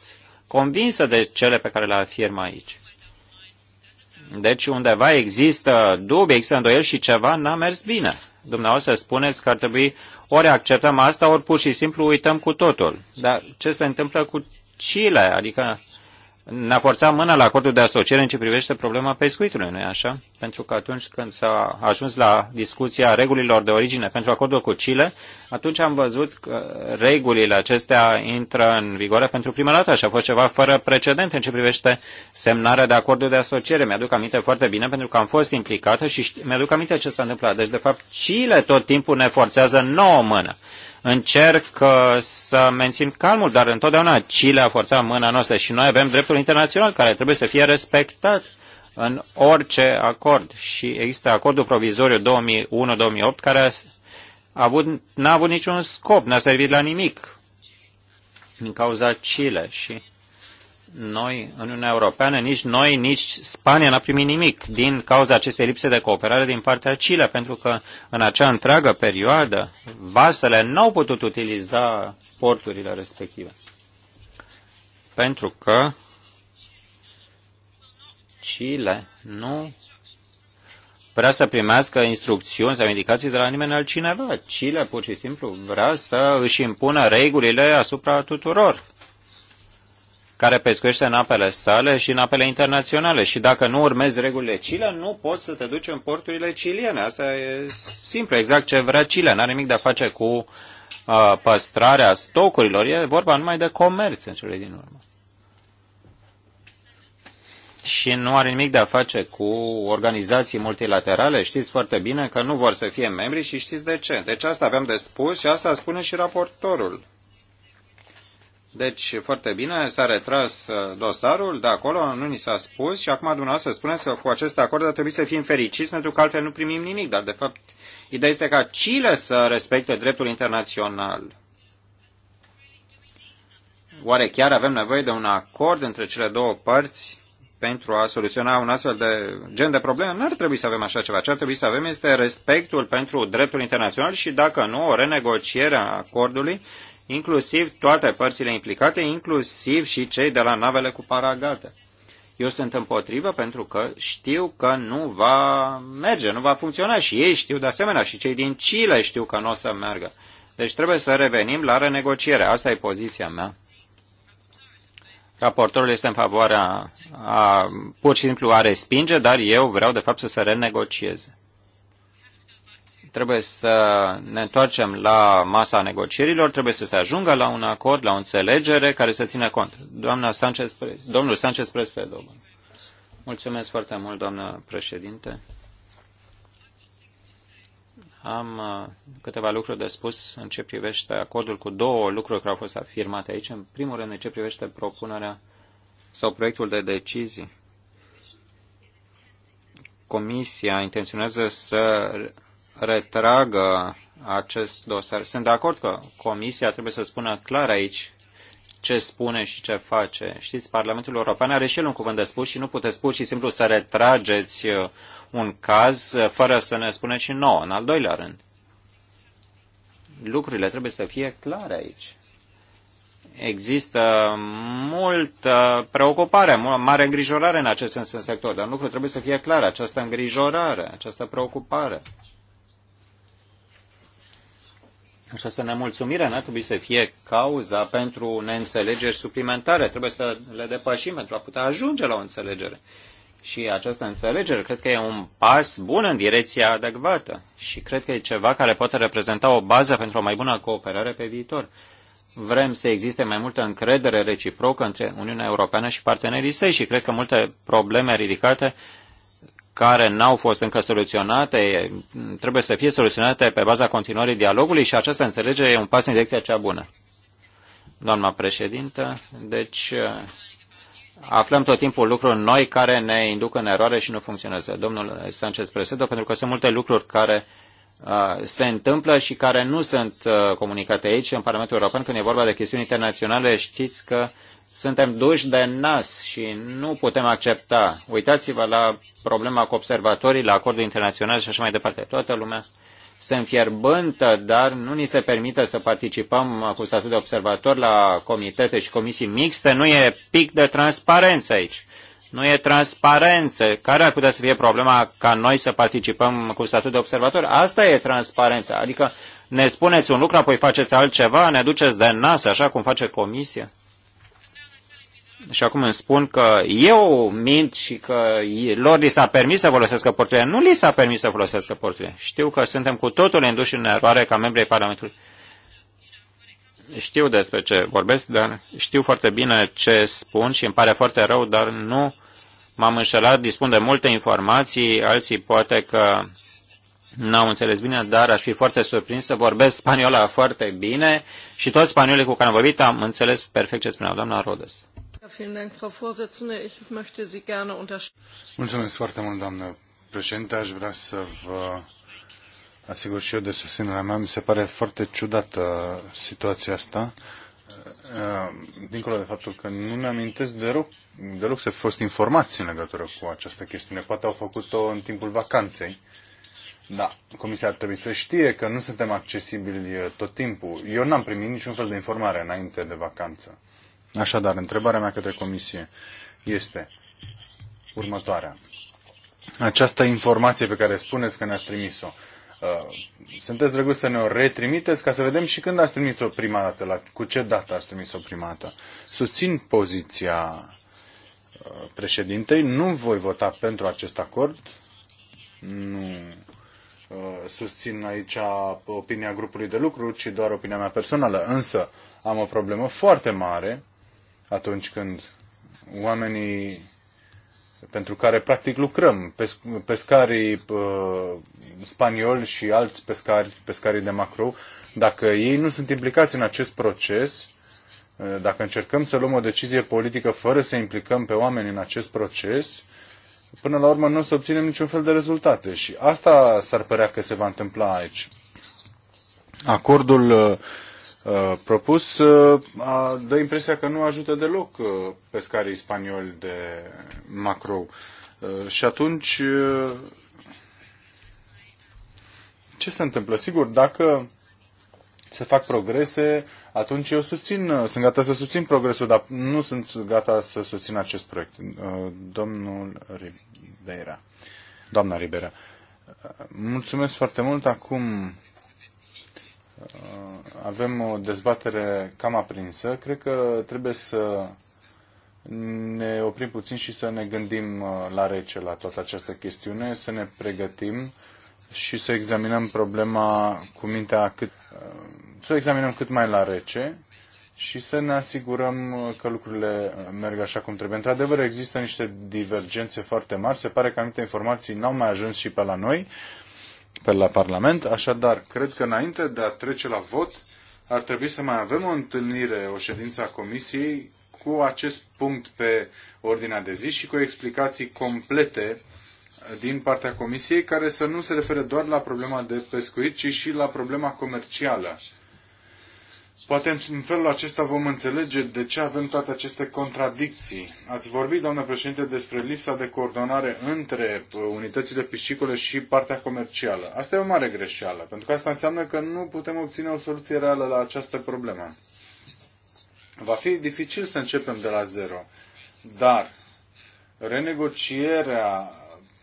convinsă de cele pe care le afirm aici. Deci undeva există dubii, există îndoieli și ceva n-a mers bine. Dumneavoastră spuneți că ar trebui ori acceptăm asta, ori pur și simplu uităm cu totul. Dar ce se întâmplă cu Chile? Adică ne-a forțat mâna la acordul de asociere în ce privește problema pescuitului, nu așa? Pentru că atunci când s-a ajuns la discuția regulilor de origine pentru acordul cu Chile, atunci am văzut că regulile acestea intră în vigoare pentru prima dată și a fost ceva fără precedent în ce privește semnarea de acordul de asociere. Mi-aduc aminte foarte bine pentru că am fost implicată și mi-aduc aminte ce s-a întâmplat. Deci, de fapt, Chile tot timpul ne forțează nouă mână. Încerc uh, să mențin calmul, dar întotdeauna Chile a forțat mâna noastră și noi avem dreptul internațional care trebuie să fie respectat în orice acord. Și există acordul provizoriu 2001-2008 care a avut, n-a avut niciun scop, n-a servit la nimic din cauza Chile și noi, în Uniunea Europeană, nici noi, nici Spania n-a primit nimic din cauza acestei lipse de cooperare din partea Chile, pentru că în acea întreagă perioadă vasele n-au putut utiliza porturile respective. Pentru că Chile nu vrea să primească instrucțiuni sau indicații de la nimeni altcineva. Chile pur și simplu vrea să își impună regulile asupra tuturor care pescuiește în apele sale și în apele internaționale. Și dacă nu urmezi regulile Chile, nu poți să te duci în porturile ciliene. Asta e simplu, exact ce vrea Chile. N-are nimic de a face cu uh, păstrarea stocurilor. E vorba numai de comerț în cele din urmă. Și nu are nimic de a face cu organizații multilaterale. Știți foarte bine că nu vor să fie membri și știți de ce. Deci asta aveam de spus și asta spune și raportorul deci, foarte bine, s-a retras uh, dosarul de acolo, nu ni s-a spus și acum dumneavoastră spuneți că cu acest acord ar trebui să fim fericiți pentru că altfel nu primim nimic, dar de fapt ideea este ca Chile să respecte dreptul internațional. Oare chiar avem nevoie de un acord între cele două părți pentru a soluționa un astfel de gen de probleme? Nu ar trebui să avem așa ceva. Ce ar trebui să avem este respectul pentru dreptul internațional și, dacă nu, o renegociere a acordului inclusiv toate părțile implicate, inclusiv și cei de la navele cu paragate. Eu sunt împotrivă pentru că știu că nu va merge, nu va funcționa și ei știu de asemenea și cei din Chile știu că nu o să meargă. Deci trebuie să revenim la renegociere. Asta e poziția mea. Raportorul este în favoarea a, pur și simplu a respinge, dar eu vreau de fapt să se renegocieze. Trebuie să ne întoarcem la masa negocierilor, trebuie să se ajungă la un acord, la o înțelegere care să țină cont. Doamna Sanchez, domnul Sanchez Presedo. Mulțumesc foarte mult, doamnă președinte. Am uh, câteva lucruri de spus în ce privește acordul cu două lucruri care au fost afirmate aici. În primul rând, în ce privește propunerea sau proiectul de decizii. Comisia intenționează să retragă acest dosar. Sunt de acord că Comisia trebuie să spună clar aici ce spune și ce face. Știți, Parlamentul European are și el un cuvânt de spus și nu puteți pur și simplu să retrageți uh, un caz uh, fără să ne spuneți și nouă, în al doilea rând. Lucrurile trebuie să fie clare aici. Există multă preocupare, mare îngrijorare în acest sens în sector, dar lucrul trebuie să fie clar, această îngrijorare, această preocupare. Această nemulțumire nu ar trebui să fie cauza pentru neînțelegeri suplimentare. Trebuie să le depășim pentru a putea ajunge la o înțelegere. Și această înțelegere cred că e un pas bun în direcția adecvată și cred că e ceva care poate reprezenta o bază pentru o mai bună cooperare pe viitor. Vrem să existe mai multă încredere reciprocă între Uniunea Europeană și partenerii săi și cred că multe probleme ridicate care n-au fost încă soluționate trebuie să fie soluționate pe baza continuării dialogului și această înțelegere e un pas în direcția cea bună. Doamna președintă, deci aflăm tot timpul lucruri noi care ne induc în eroare și nu funcționează. Domnul Sanchez Presedo, pentru că sunt multe lucruri care se întâmplă și care nu sunt comunicate aici în Parlamentul European când e vorba de chestiuni internaționale. Știți că uh, suntem duși de nas și nu putem accepta. Uitați-vă la problema cu observatorii, la acordul internațional și așa mai departe. Toată lumea se înfierbântă, dar nu ni se permite să participăm cu statut de observator la comitete și comisii mixte. Nu e pic de transparență aici. Nu e transparență. Care ar putea să fie problema ca noi să participăm cu statut de observator? Asta e transparența. Adică ne spuneți un lucru, apoi faceți altceva, ne duceți de nas, așa cum face comisia și acum îmi spun că eu mint și că lor li s-a permis să folosească porturile. Nu li s-a permis să folosească porturile. Știu că suntem cu totul induși în eroare ca membrii Parlamentului. Știu despre ce vorbesc, dar știu foarte bine ce spun și îmi pare foarte rău, dar nu m-am înșelat, dispun de multe informații, alții poate că n-au înțeles bine, dar aș fi foarte surprins să vorbesc spaniola foarte bine și toți spaniolii cu care am vorbit am înțeles perfect ce spuneau. Doamna Rodes. Mulțumesc foarte mult, doamnă președinte. Aș vrea să vă asigur și eu de susținerea mea. Mi se pare foarte ciudată situația asta, eh, dincolo de faptul că nu mi-amintesc deloc, deloc să fi fost informați în legătură cu această chestiune. Poate au făcut-o în timpul vacanței. Da, comisia ar trebui să știe că nu suntem accesibili tot timpul. Eu n-am primit niciun fel de informare înainte de vacanță. Așadar, întrebarea mea către Comisie este următoarea. Această informație pe care spuneți că ne-ați trimis-o, uh, sunteți drăguți să ne-o retrimiteți ca să vedem și când ați trimis-o prima dată, la, cu ce dată ați trimis-o prima dată. Susțin poziția uh, președintei, nu voi vota pentru acest acord, nu uh, susțin aici opinia grupului de lucru, ci doar opinia mea personală. Însă am o problemă foarte mare atunci când oamenii pentru care practic lucrăm, pescarii uh, spanioli și alți pescari, pescarii de macro, dacă ei nu sunt implicați în acest proces, uh, dacă încercăm să luăm o decizie politică fără să implicăm pe oameni în acest proces, până la urmă nu o să obținem niciun fel de rezultate. Și asta s-ar părea că se va întâmpla aici. Acordul uh, Uh, propus uh, dă impresia că nu ajută deloc uh, pescarii spanioli de macro. Și atunci, ce se întâmplă? Sigur, dacă se fac progrese, atunci eu susțin, sunt gata să susțin progresul, dar nu sunt gata să susțin acest proiect. Domnul Ribera, Doamna Ribera. Mulțumesc foarte mult. Acum avem o dezbatere cam aprinsă. Cred că trebuie să ne oprim puțin și să ne gândim uh, la rece la toată această chestiune, să ne pregătim și să examinăm problema cu mintea cât, uh, să o examinăm cât mai la rece și să ne asigurăm uh, că lucrurile merg așa cum trebuie. Într-adevăr, există niște divergențe foarte mari. Se pare că anumite informații n-au mai ajuns și pe la noi pe la Parlament. Așadar, cred că înainte de a trece la vot, ar trebui să mai avem o întâlnire, o ședință a Comisiei cu acest punct pe ordinea de zi și cu explicații complete din partea Comisiei, care să nu se refere doar la problema de pescuit, ci și la problema comercială Poate în felul acesta vom înțelege de ce avem toate aceste contradicții. Ați vorbit, doamnă președinte, despre lipsa de coordonare între uh, unitățile piscicole și partea comercială. Asta e o mare greșeală, pentru că asta înseamnă că nu putem obține o soluție reală la această problemă. Va fi dificil să începem de la zero, dar renegocierea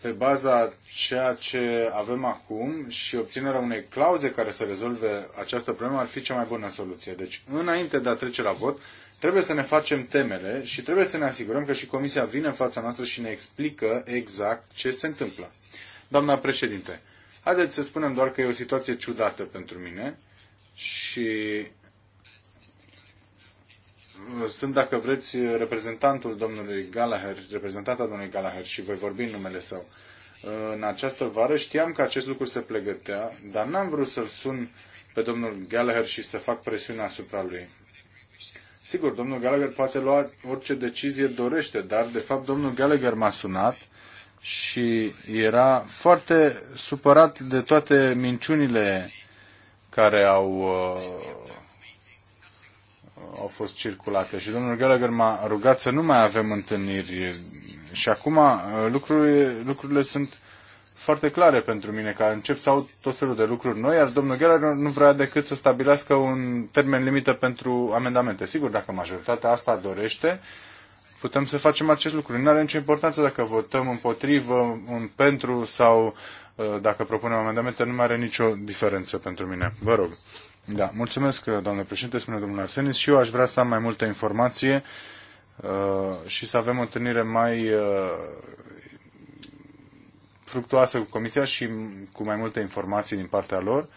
pe baza ceea ce avem acum și obținerea unei clauze care să rezolve această problemă ar fi cea mai bună soluție. Deci, înainte de a trece la vot, trebuie să ne facem temele și trebuie să ne asigurăm că și Comisia vine în fața noastră și ne explică exact ce se întâmplă. Doamna președinte, haideți să spunem doar că e o situație ciudată pentru mine și sunt, dacă vreți, reprezentantul domnului Gallagher, reprezentanta domnului Gallagher și voi vorbi în numele său. În această vară știam că acest lucru se pregătea, dar n-am vrut să-l sun pe domnul Gallagher și să fac presiune asupra lui. Sigur, domnul Gallagher poate lua orice decizie dorește, dar de fapt domnul Gallagher m-a sunat și era foarte supărat de toate minciunile care au uh, au fost circulate și domnul Gallagher m-a rugat să nu mai avem întâlniri și acum uh, lucrurile, lucrurile sunt foarte clare pentru mine, că încep să aud tot felul de lucruri noi, iar domnul Gallagher nu vrea decât să stabilească un termen limită pentru amendamente. Sigur, dacă majoritatea asta dorește, putem să facem acest lucru. Nu are nicio importanță dacă votăm împotrivă, un pentru sau uh, dacă propunem amendamente, nu mai are nicio diferență pentru mine. Vă rog. Da, mulțumesc, doamnă președinte, spune domnul Arsenis. Și eu aș vrea să am mai multă informație uh, și să avem o întâlnire mai uh, fructuoasă cu Comisia și cu mai multe informații din partea lor.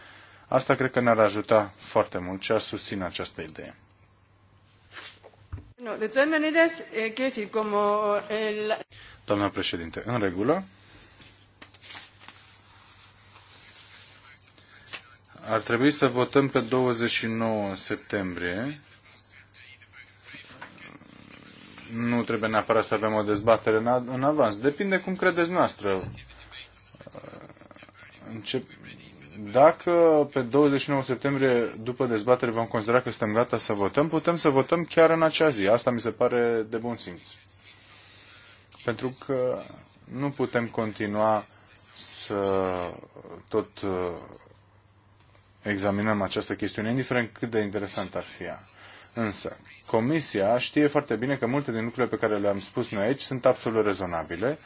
Asta cred că ne-ar ajuta foarte mult și aș susține această idee. No, de todas maneras, eh, quiero decir, como el... Doamna președinte, în regulă. Ar trebui să votăm pe 29 septembrie. Nu trebuie neapărat să avem o dezbatere în avans. Depinde cum credeți noastră. Încep... Dacă pe 29 septembrie, după dezbatere, vom considera că suntem gata să votăm, putem să votăm chiar în acea zi. Asta mi se pare de bun simț. Pentru că nu putem continua să tot examinăm această chestiune, indiferent cât de interesant ar fi ea. Însă, Comisia știe foarte bine că multe din lucrurile pe care le-am spus noi aici sunt absolut rezonabile.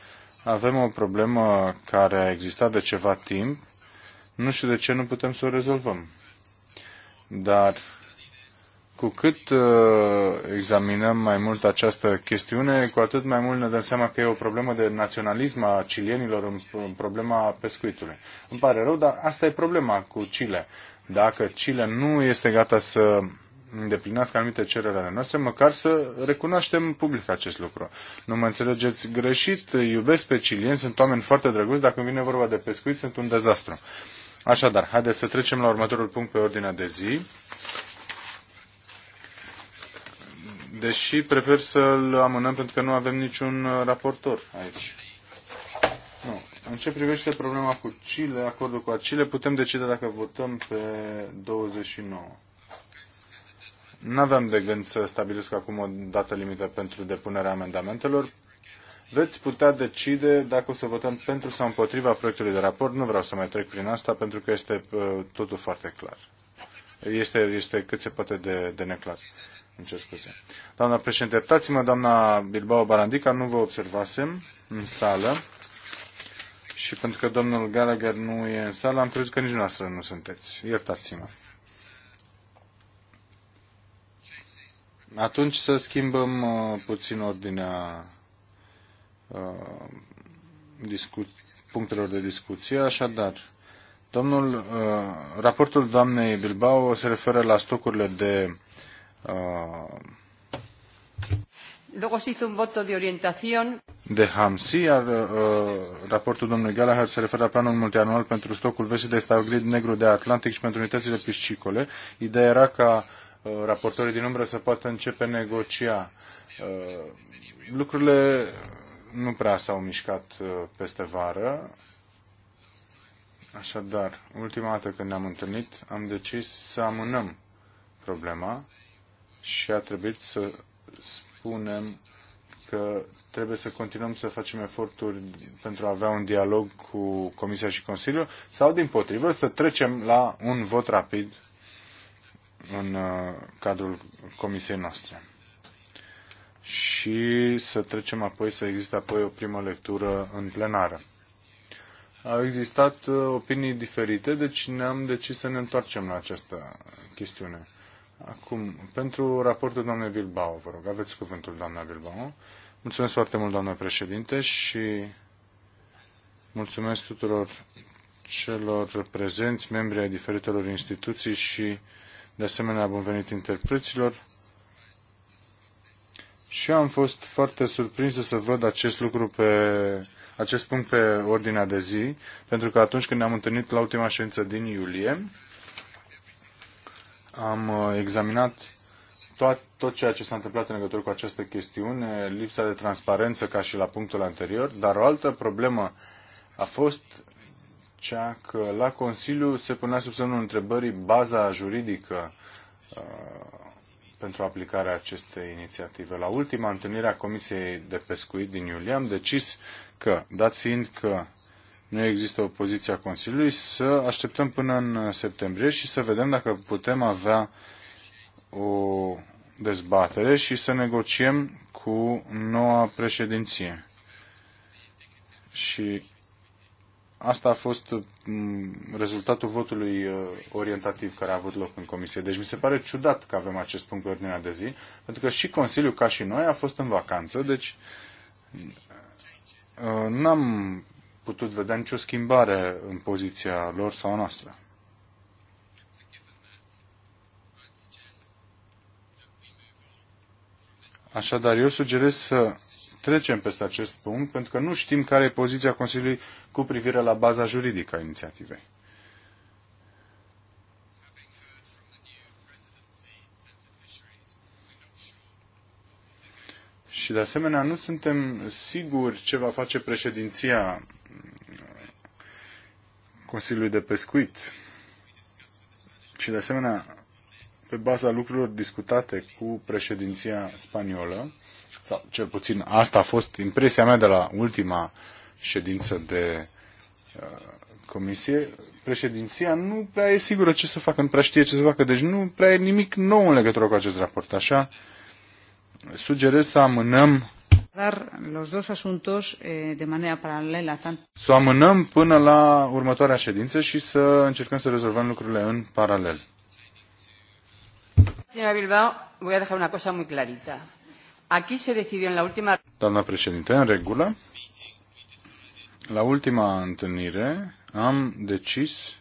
Avem o problemă care a existat de ceva timp. Nu știu de ce nu putem să o rezolvăm. Dar cu cât uh, examinăm mai mult această chestiune, cu atât mai mult ne dăm seama că e o problemă de naționalism a chilienilor în, în problema pescuitului. Îmi pare rău, dar asta e problema cu Chile. Dacă Chile nu este gata să îndeplinească anumite cereri ale noastre, măcar să recunoaștem public acest lucru. Nu mă înțelegeți greșit, iubesc pe cilieni, sunt oameni foarte drăguți, dacă vine vorba de pescuit, sunt un dezastru. Așadar, haideți să trecem la următorul punct pe ordinea de zi. Deși prefer să-l amânăm pentru că nu avem niciun raportor aici. În ce privește problema cu Chile, acordul cu Chile, putem decide dacă votăm pe 29. Nu aveam de gând să stabilesc acum o dată limită pentru depunerea amendamentelor. Veți putea decide dacă o să votăm pentru sau împotriva proiectului de raport. Nu vreau să mai trec prin asta pentru că este uh, totul foarte clar. Este, este cât se poate de, de neclar. În ce scuze. Doamna președinte, iertați-mă, doamna Bilbao Barandica, nu vă observasem în sală și pentru că domnul Gallagher nu e în sală, am crezut că nici noastră nu sunteți. Iertați-mă. Atunci să schimbăm uh, puțin ordinea uh, punctelor de discuție. Așadar, domnul, uh, raportul doamnei Bilbao se referă la stocurile de uh, Luego se hizo un voto de orientación. De sí, al uh, raportul domnului Gallagher se referă la planul multianual pentru stocul vestit de stagrid negru de Atlantic și pentru unitățile piscicole. Ideea era ca uh, raportorii din umbră să poată începe negocia. Uh, lucrurile nu prea s-au mișcat uh, peste vară. Așadar, ultima dată când ne-am întâlnit, am decis să amânăm problema și a trebuit să spunem că trebuie să continuăm să facem eforturi pentru a avea un dialog cu Comisia și Consiliul sau, din potrivă, să trecem la un vot rapid în uh, cadrul Comisiei noastre. Și să trecem apoi, să există apoi o primă lectură în plenară. Au existat uh, opinii diferite, deci ne-am decis să ne întoarcem la această chestiune. Acum, pentru raportul doamnei Bilbao, vă rog, aveți cuvântul doamna Bilbao. Mulțumesc foarte mult, doamnă președinte, și mulțumesc tuturor celor prezenți, membri ai diferitelor instituții și, de asemenea, bun venit interpreților. Și am fost foarte surprinsă să văd acest lucru pe acest punct pe ordinea de zi, pentru că atunci când ne-am întâlnit la ultima ședință din iulie, am uh, examinat tot, tot ceea ce s-a întâmplat în legătură cu această chestiune, lipsa de transparență ca și la punctul anterior, dar o altă problemă a fost cea că la Consiliu se punea sub semnul întrebării baza juridică uh, pentru aplicarea acestei inițiative. La ultima întâlnire a Comisiei de Pescuit din iulie am decis că, dat fiind că nu există opoziția Consiliului, să așteptăm până în septembrie și să vedem dacă putem avea o dezbatere și să negociem cu noua președinție. Și asta a fost mm, rezultatul votului uh, orientativ care a avut loc în comisie. Deci mi se pare ciudat că avem acest punct pe ordinea de zi, pentru că și Consiliul, ca și noi, a fost în vacanță, deci uh, n-am putut vedea nicio schimbare în poziția lor sau a noastră. Așadar, eu sugerez să trecem peste acest punct, pentru că nu știm care e poziția Consiliului cu privire la baza juridică a inițiativei. Și de asemenea, nu suntem siguri ce va face președinția Consiliului de Pescuit. Și de asemenea, pe baza lucrurilor discutate cu președinția spaniolă, sau cel puțin asta a fost impresia mea de la ultima ședință de uh, comisie, președinția nu prea e sigură ce să facă, nu prea știe ce să facă, deci nu prea e nimic nou în legătură cu acest raport. Așa sugerez să amânăm los dos eh, de paralelă. Să amânăm până la următoarea ședință și să încercăm să rezolvăm lucrurile în paralel. Bilbao, se la Doamna președinte, în regulă, la ultima întâlnire am decis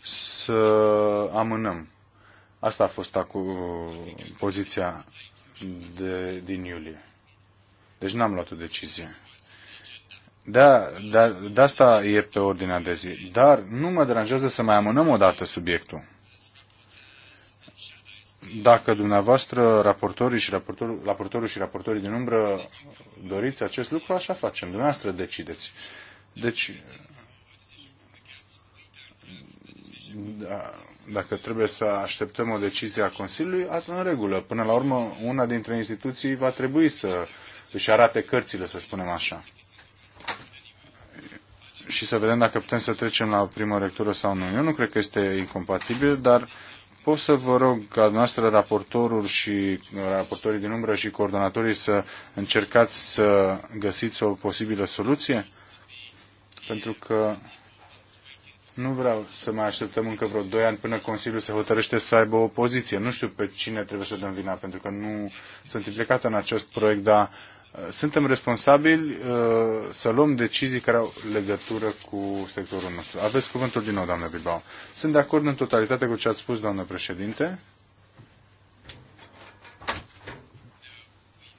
să amânăm Asta a fost acu- poziția de, din iulie. Deci n-am luat o decizie. Da, da, de asta e pe ordinea de zi. Dar nu mă deranjează să mai amânăm o dată subiectul. Dacă dumneavoastră, raportorii și raportorul, raportorul și raportorii din umbră doriți acest lucru, așa facem. Dumneavoastră decideți. Deci, da, dacă trebuie să așteptăm o decizie a Consiliului, atunci în regulă. Până la urmă, una dintre instituții va trebui să își arate cărțile, să spunem așa. Și să vedem dacă putem să trecem la o primă lectură sau nu. Eu nu cred că este incompatibil, dar pot să vă rog ca noastră raportorul și uh, raportorii din umbră și coordonatorii să încercați să găsiți o posibilă soluție? Pentru că nu vreau să mai așteptăm încă vreo 2 ani până Consiliul se hotărăște să aibă o poziție. Nu știu pe cine trebuie să dăm vina, pentru că nu sunt implicat în acest proiect, dar uh, suntem responsabili uh, să luăm decizii care au legătură cu sectorul nostru. Aveți cuvântul din nou, doamnă Bilbao. Sunt de acord în totalitate cu ce ați spus, doamnă președinte.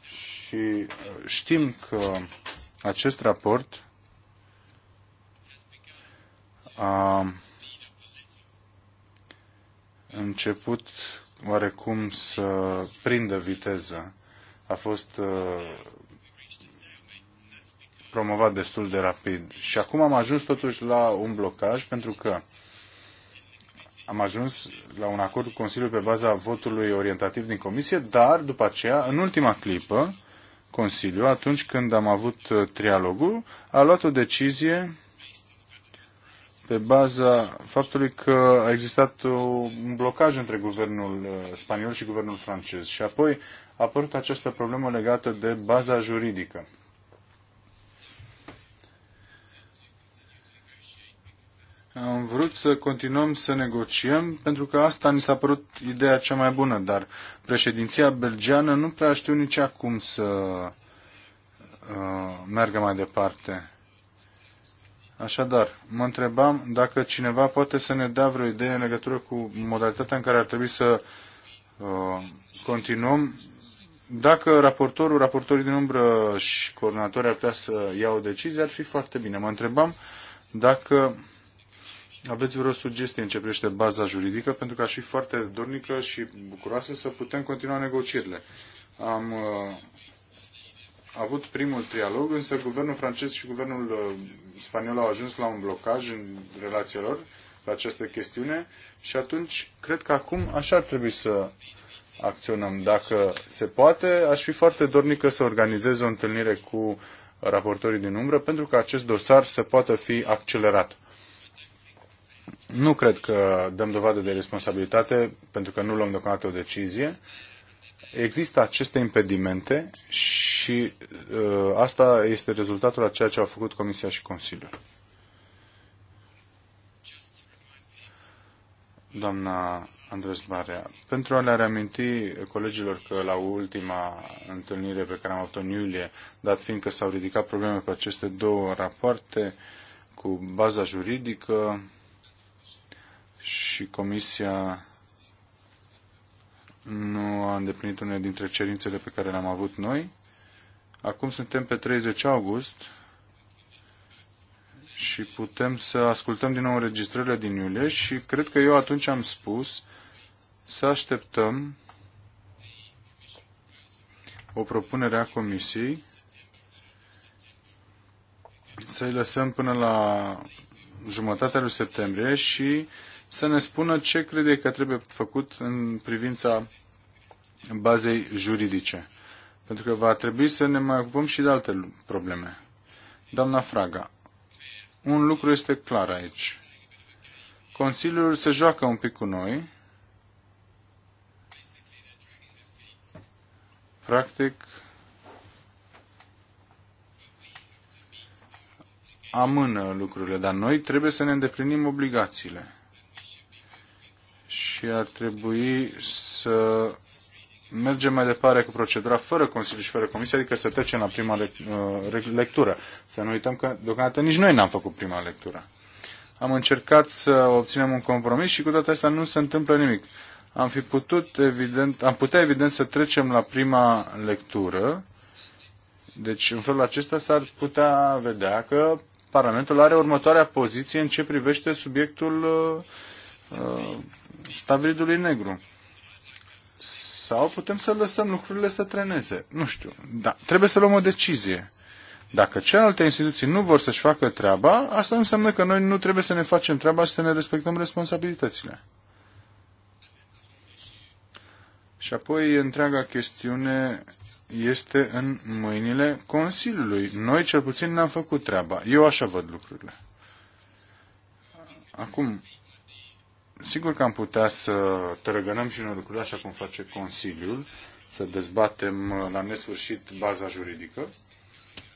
Și uh, știm că acest raport a început oarecum să prindă viteză. A fost uh, promovat destul de rapid. Și acum am ajuns totuși la un blocaj pentru că am ajuns la un acord cu Consiliul pe baza votului orientativ din Comisie, dar după aceea, în ultima clipă, Consiliul, atunci când am avut uh, trialogul, a luat o decizie pe baza faptului că a existat un blocaj între guvernul uh, spaniol și guvernul francez. Și apoi a apărut această problemă legată de baza juridică. Am vrut să continuăm să negociem, pentru că asta ni s-a părut ideea cea mai bună, dar președinția belgeană nu prea știu nici acum să uh, meargă mai departe. Așadar, mă întrebam dacă cineva poate să ne dea vreo idee în legătură cu modalitatea în care ar trebui să uh, continuăm. Dacă raportorul, raportorii din umbră și coordonatorii ar putea să ia o decizie, ar fi foarte bine. Mă întrebam dacă aveți vreo sugestie în ce privește baza juridică, pentru că aș fi foarte dornică și bucuroasă să putem continua negocierile. Am uh, avut primul trialog, însă guvernul francez și guvernul uh, spaniol au ajuns la un blocaj în relația lor pe această chestiune și atunci cred că acum așa ar trebui să acționăm. Dacă se poate, aș fi foarte dornică să organizez o întâlnire cu raportorii din umbră pentru că acest dosar să poată fi accelerat. Nu cred că dăm dovadă de responsabilitate pentru că nu luăm deocamdată o decizie există aceste impedimente și uh, asta este rezultatul a ceea ce au făcut Comisia și Consiliul. Doamna Andres Barea, pentru a le reaminti colegilor că la ultima întâlnire pe care am avut-o în iulie, dat fiindcă s-au ridicat probleme pe aceste două rapoarte cu baza juridică și Comisia nu a îndeplinit unele dintre cerințele pe care le-am avut noi. Acum suntem pe 30 august și putem să ascultăm din nou înregistrările din iulie și cred că eu atunci am spus să așteptăm o propunere a Comisiei să-i lăsăm până la jumătatea lui septembrie și să ne spună ce crede că trebuie făcut în privința bazei juridice. Pentru că va trebui să ne mai ocupăm și de alte probleme. Doamna Fraga, un lucru este clar aici. Consiliul se joacă un pic cu noi. Practic, amână lucrurile, dar noi trebuie să ne îndeplinim obligațiile și ar trebui să mergem mai departe cu procedura fără Consiliu și fără Comisie, adică să trecem la prima uh, lectură. Să nu uităm că deocamdată nici noi n-am făcut prima lectură. Am încercat să obținem un compromis și cu toate astea nu se întâmplă nimic. Am fi putut, evident, am putea evident să trecem la prima lectură, deci în felul acesta s-ar putea vedea că Parlamentul are următoarea poziție în ce privește subiectul uh, uh, Stavridului Negru. Sau putem să lăsăm lucrurile să treneze. Nu știu. Da, trebuie să luăm o decizie. Dacă celelalte instituții nu vor să-și facă treaba, asta înseamnă că noi nu trebuie să ne facem treaba și să ne respectăm responsabilitățile. Și apoi întreaga chestiune este în mâinile Consiliului. Noi cel puțin ne-am făcut treaba. Eu așa văd lucrurile. Acum, Sigur că am putea să tărăgănăm și noi lucrurile așa cum face Consiliul, să dezbatem uh, la nesfârșit baza juridică.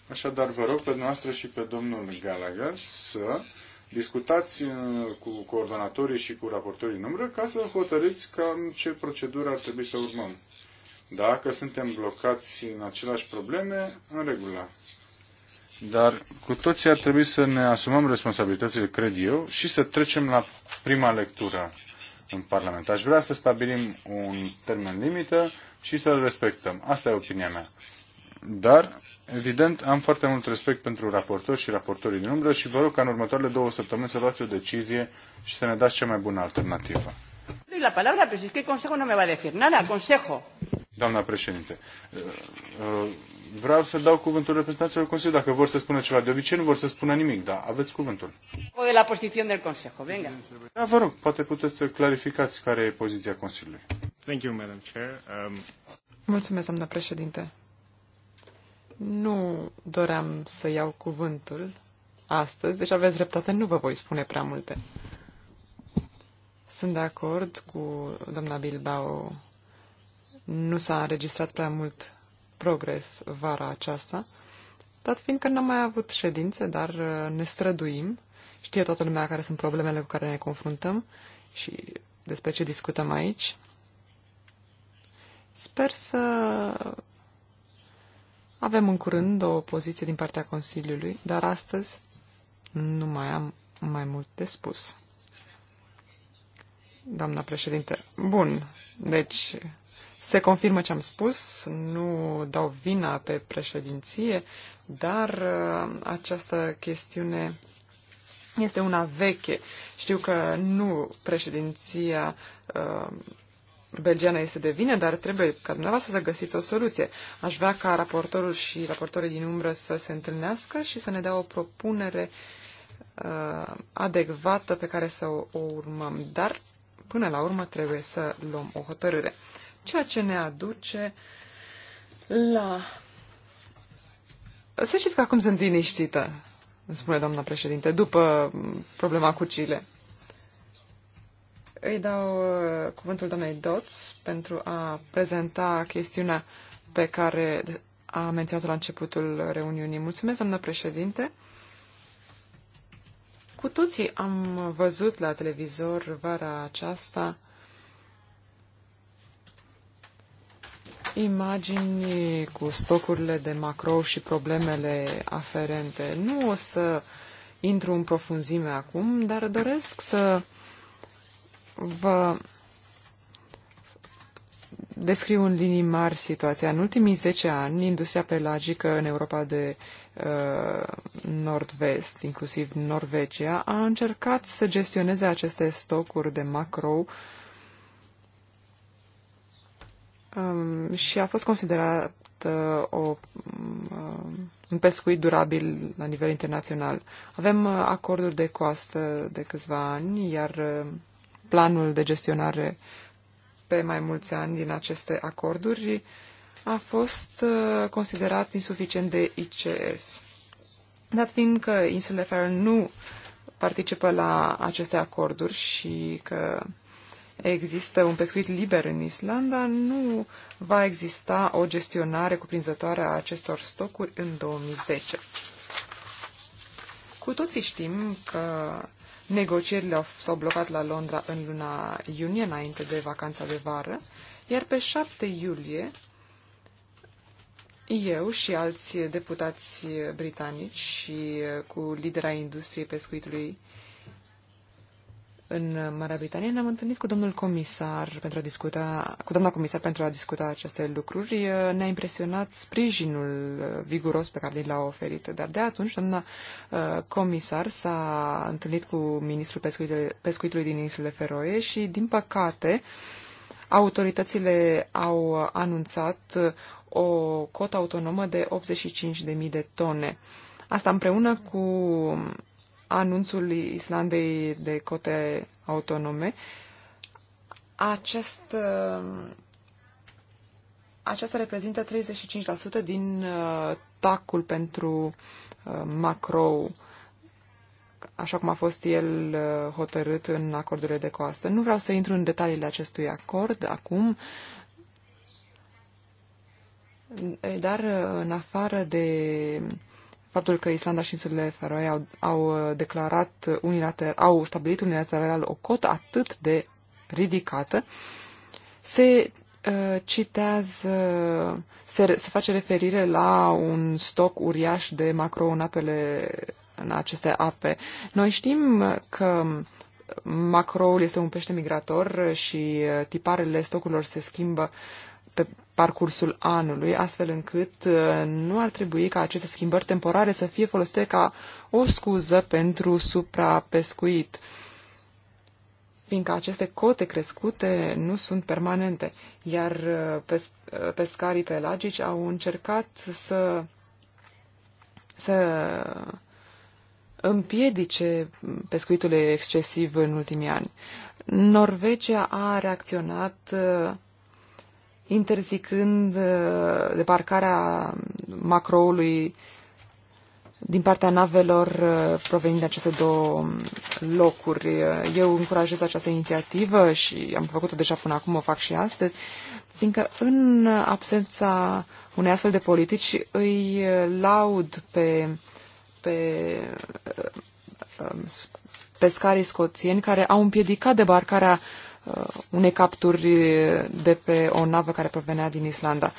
Așadar, vă rog pe dumneavoastră și pe domnul Gallagher să discutați uh, cu coordonatorii și cu raportorii numără ca să hotărâți cam ce procedură ar trebui să urmăm. Dacă suntem blocați în aceleași probleme, în regulă dar cu toții ar trebui să ne asumăm responsabilitățile, cred eu, și să trecem la prima lectură în Parlament. Aș vrea să stabilim un termen limită și să-l respectăm. Asta e opinia mea. Dar, evident, am foarte mult respect pentru raportori și raportorii din umbră și vă rog ca în următoarele două săptămâni să luați o decizie și să ne dați cea mai bună alternativă. La palabra, pero si es que el Consejo no me va a decir nada, Consejo. Doamna președinte, vreau să dau cuvântul reprezentanților Consiliului dacă vor să spună ceva. De obicei nu vor să spună nimic, dar aveți cuvântul. O la poziția del Consejo, venga. Da, vă rog, poate puteți să clarificați care e poziția Consiliului. Thank you, Madam Chair. Um... Mulțumesc, doamna președinte. Nu doream să iau cuvântul astăzi, deci aveți dreptate, nu vă voi spune prea multe. Sunt de acord cu doamna Bilbao. Nu s-a înregistrat prea mult progres vara aceasta, dat fiindcă n-am mai avut ședințe, dar uh, ne străduim. Știe toată lumea care sunt problemele cu care ne confruntăm și despre ce discutăm aici. Sper să avem în curând o poziție din partea Consiliului, dar astăzi nu mai am mai mult de spus. Doamna președinte, bun, deci se confirmă ce am spus, nu dau vina pe președinție, dar uh, această chestiune este una veche. Știu că nu președinția uh, belgiană este de vină, dar trebuie ca dumneavoastră să găsiți o soluție. Aș vrea ca raportorul și raportorii din umbră să se întâlnească și să ne dea o propunere uh, adecvată pe care să o, o urmăm. Dar, până la urmă, trebuie să luăm o hotărâre ceea ce ne aduce la... Să știți că acum sunt liniștită, îmi spune doamna președinte, după problema cu Chile. Îi dau uh, cuvântul doamnei Dots pentru a prezenta chestiunea pe care a menționat-o la începutul reuniunii. Mulțumesc, doamna președinte. Cu toții am văzut la televizor vara aceasta imagini cu stocurile de macro și problemele aferente. Nu o să intru în profunzime acum, dar doresc să vă descriu în linii mari situația. În ultimii 10 ani, industria pelagică în Europa de uh, nord-vest, inclusiv Norvegia, a încercat să gestioneze aceste stocuri de macro uh, um, și a fost considerat uh, o, um, uh, un pescuit durabil la nivel internațional. Avem uh, acorduri de coastă de câțiva ani, iar uh, planul de gestionare pe mai mulți ani din aceste acorduri a fost uh, considerat insuficient de ICS. Dat fiind că insulele Faroe nu participă la aceste acorduri și că există un pescuit liber în Islanda, nu va exista o gestionare cuprinzătoare a acestor stocuri în 2010. Cu toții știm că negocierile s-au blocat la Londra în luna iunie, înainte de vacanța de vară, iar pe 7 iulie eu și alți deputați britanici și cu lidera industriei pescuitului în Marea Britanie, ne-am întâlnit cu domnul comisar pentru a discuta, cu doamna comisar pentru a discuta aceste lucruri. Ne-a impresionat sprijinul viguros pe care l-a oferit, dar de atunci doamna uh, comisar s-a întâlnit cu ministrul pescuitului din insulele Feroe și, din păcate, autoritățile au anunțat uh, o cotă autonomă de 85.000 de tone. Asta împreună cu anunțul Islandei de cote autonome, acest, uh, acesta reprezintă 35% din uh, tacul pentru uh, macro, așa cum a fost el hotărât în acordurile de coastă. Nu vreau să intru în detaliile acestui acord acum, dar în afară de faptul că Islanda și insulele Feroe au, au uh, declarat unilater, au stabilit unilateral o cotă atât de ridicată, se uh, citează, se, se face referire la un stoc uriaș de macro în apele, în aceste ape. Noi știm că macroul este un pește migrator și uh, tiparele stocurilor se schimbă pe parcursul anului, astfel încât uh, nu ar trebui ca aceste schimbări temporare să fie folosite ca o scuză pentru suprapescuit, fiindcă aceste cote crescute nu sunt permanente, iar uh, pes- uh, pescarii pelagici au încercat să, să împiedice pescuitul excesiv în ultimii ani. Norvegia a reacționat uh, interzicând uh, debarcarea macroului din partea navelor uh, provenind de aceste două um, locuri. Uh, eu încurajez această inițiativă și am făcut-o deja până acum, o fac și astăzi, fiindcă în absența unei astfel de politici îi laud pe, pe um, pescarii scoțieni care au împiedicat debarcarea uh, Uh, unei capturi de pe o navă care provenea din Islanda.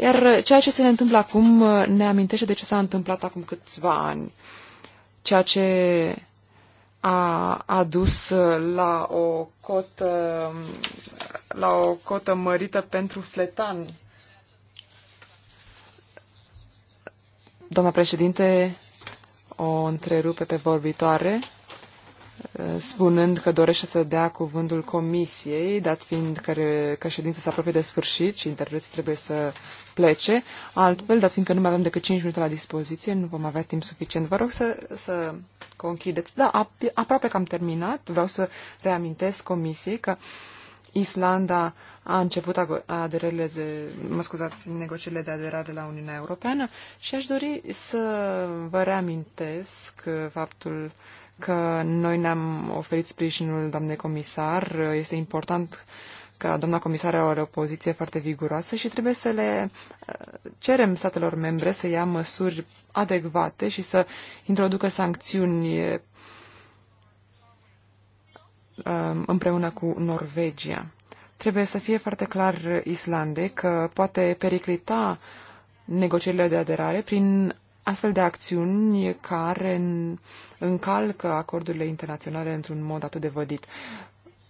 Iar ceea ce se ne întâmplă acum uh, ne amintește de ce s-a întâmplat acum câțiva ani, ceea ce a adus uh, la o cotă, um, la o cotă mărită pentru fletan. Doamna președinte, o întrerupe pe vorbitoare spunând că dorește să dea cuvântul comisiei, dat fiind că, că ședința se apropie de sfârșit și interpreții trebuie să plece. Altfel, dat fiind că nu mai avem decât 5 minute la dispoziție, nu vom avea timp suficient. Vă rog să, să conchideți. Da, ap aproape că am terminat. Vreau să reamintesc comisiei că Islanda a început aderările de, mă scuzați, negocierile de aderare la Uniunea Europeană și aș dori să vă reamintesc faptul că noi ne-am oferit sprijinul doamnei comisar. Este important că doamna comisar are o poziție foarte viguroasă și trebuie să le uh, cerem statelor membre să ia măsuri adecvate și să introducă sancțiuni um, împreună cu Norvegia. Trebuie să fie foarte clar Islande că poate periclita negocierile de aderare prin astfel de acțiuni care încalcă acordurile internaționale într-un mod atât de vădit.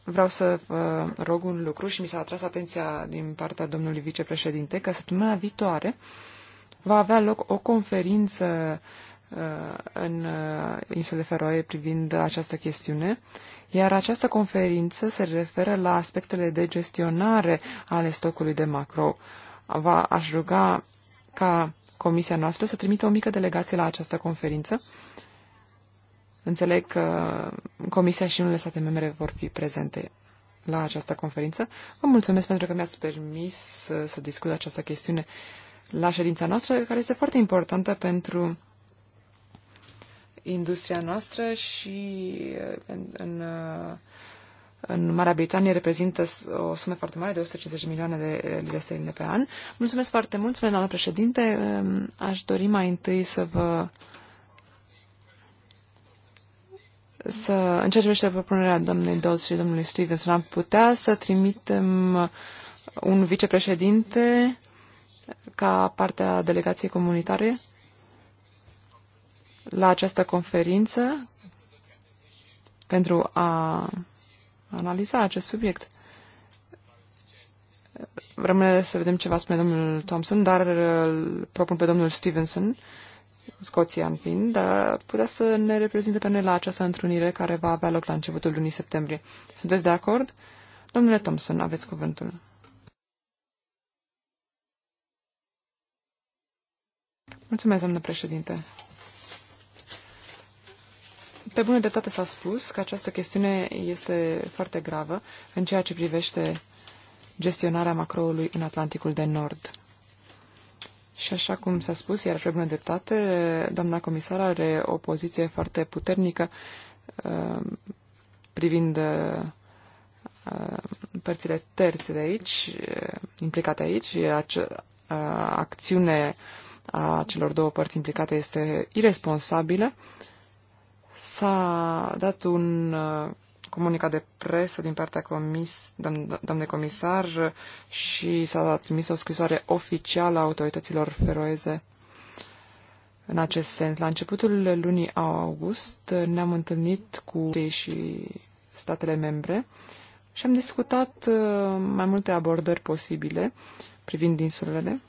Vreau să vă rog un lucru și mi s-a atras atenția din partea domnului vicepreședinte că săptămâna viitoare va avea loc o conferință uh, în uh, insule Feroe privind această chestiune, iar această conferință se referă la aspectele de gestionare ale stocului de macro. Va, aș ruga ca comisia noastră să trimită o mică delegație la această conferință. Înțeleg că comisia și unele state membre vor fi prezente la această conferință. Vă mulțumesc pentru că mi-ați permis să, să discut această chestiune la ședința noastră, care este foarte importantă pentru industria noastră și în, în în Marea Britanie reprezintă o sumă foarte mare de 150 milioane de lire sterline pe an. Mulțumesc foarte mult, spune președinte. Aș dori mai întâi să vă să, în ceea ce privește propunerea doamnei Dodds și domnului Stevens, am putea să trimitem un vicepreședinte ca partea delegației comunitare la această conferință pentru a analiza acest subiect. Rămâne să vedem ce va spune domnul Thompson, dar îl propun pe domnul Stevenson, scoțian fiind, dar putea să ne reprezinte pe noi la această întrunire care va avea loc la începutul lunii septembrie. Sunteți de acord? Domnule Thompson, aveți cuvântul. Mulțumesc, domnule președinte. Pe bună dreptate s-a spus că această chestiune este foarte gravă în ceea ce privește gestionarea macroului în Atlanticul de Nord. Și așa cum s-a spus, iar pe bună dreptate, doamna comisar are o poziție foarte puternică um, privind uh, părțile terțe de aici, uh, implicate aici. Uh, acțiune a celor două părți implicate este irresponsabilă S-a dat un uh, comunicat de presă din partea comis, doamnei comisar și s-a trimis o scrisoare oficială a autorităților feroeze în acest sens. La începutul lunii august ne-am întâlnit cu ei și statele membre și am discutat uh, mai multe abordări posibile privind insulele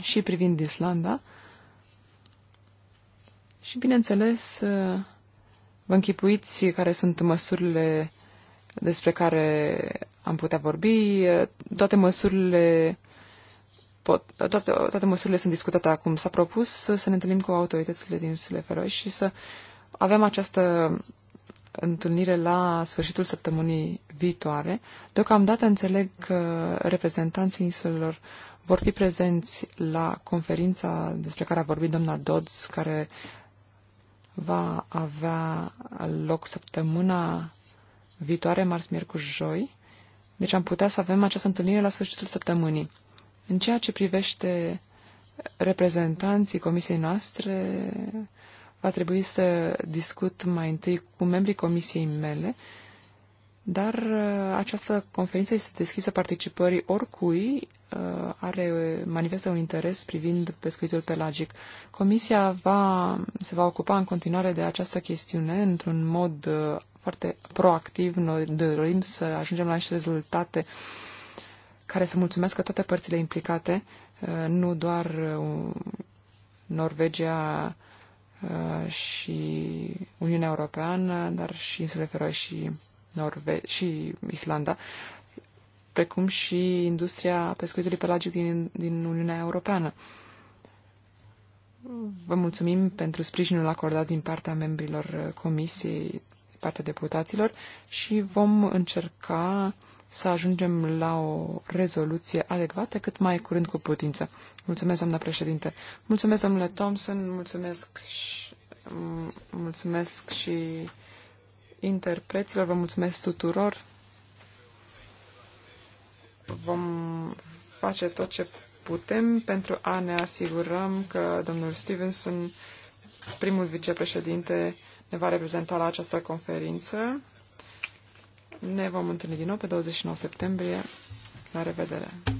și privind Islanda și, bineînțeles, uh, vă închipuiți care sunt măsurile despre care am putea vorbi. Uh, toate măsurile pot, toate, toate măsurile sunt discutate acum. S-a propus să, să ne întâlnim cu autoritățile din Sile Feroe și să avem această întâlnire la sfârșitul săptămânii viitoare. Deocamdată înțeleg că reprezentanții insulelor vor fi prezenți la conferința despre care a vorbit doamna Dodds, care va avea loc săptămâna viitoare, marți, miercuri, joi. Deci am putea să avem această întâlnire la sfârșitul săptămânii. În ceea ce privește reprezentanții comisiei noastre, va trebui să discut mai întâi cu membrii comisiei mele, dar uh, această conferință este deschisă participării oricui Uh, are, manifestă un interes privind pescuitul pelagic. Comisia va, se va ocupa în continuare de această chestiune într-un mod uh, foarte proactiv. Noi dorim să ajungem la niște rezultate care să mulțumească toate părțile implicate, uh, nu doar Norvegia și Uniunea Europeană, dar și insulele Feroe și, Norve- și Islanda precum și industria pescuitului pelagic din, din Uniunea Europeană. Vă mulțumim pentru sprijinul acordat din partea membrilor comisiei, partea deputaților și vom încerca să ajungem la o rezoluție adecvată cât mai curând cu putință. Mulțumesc, doamna președinte. Mulțumesc, domnule Thompson, mulțumesc și, mulțumesc și interpreților, vă mulțumesc tuturor vom face tot ce putem pentru a ne asigurăm că domnul Stevenson, primul vicepreședinte, ne va reprezenta la această conferință. Ne vom întâlni din nou pe 29 septembrie. La revedere!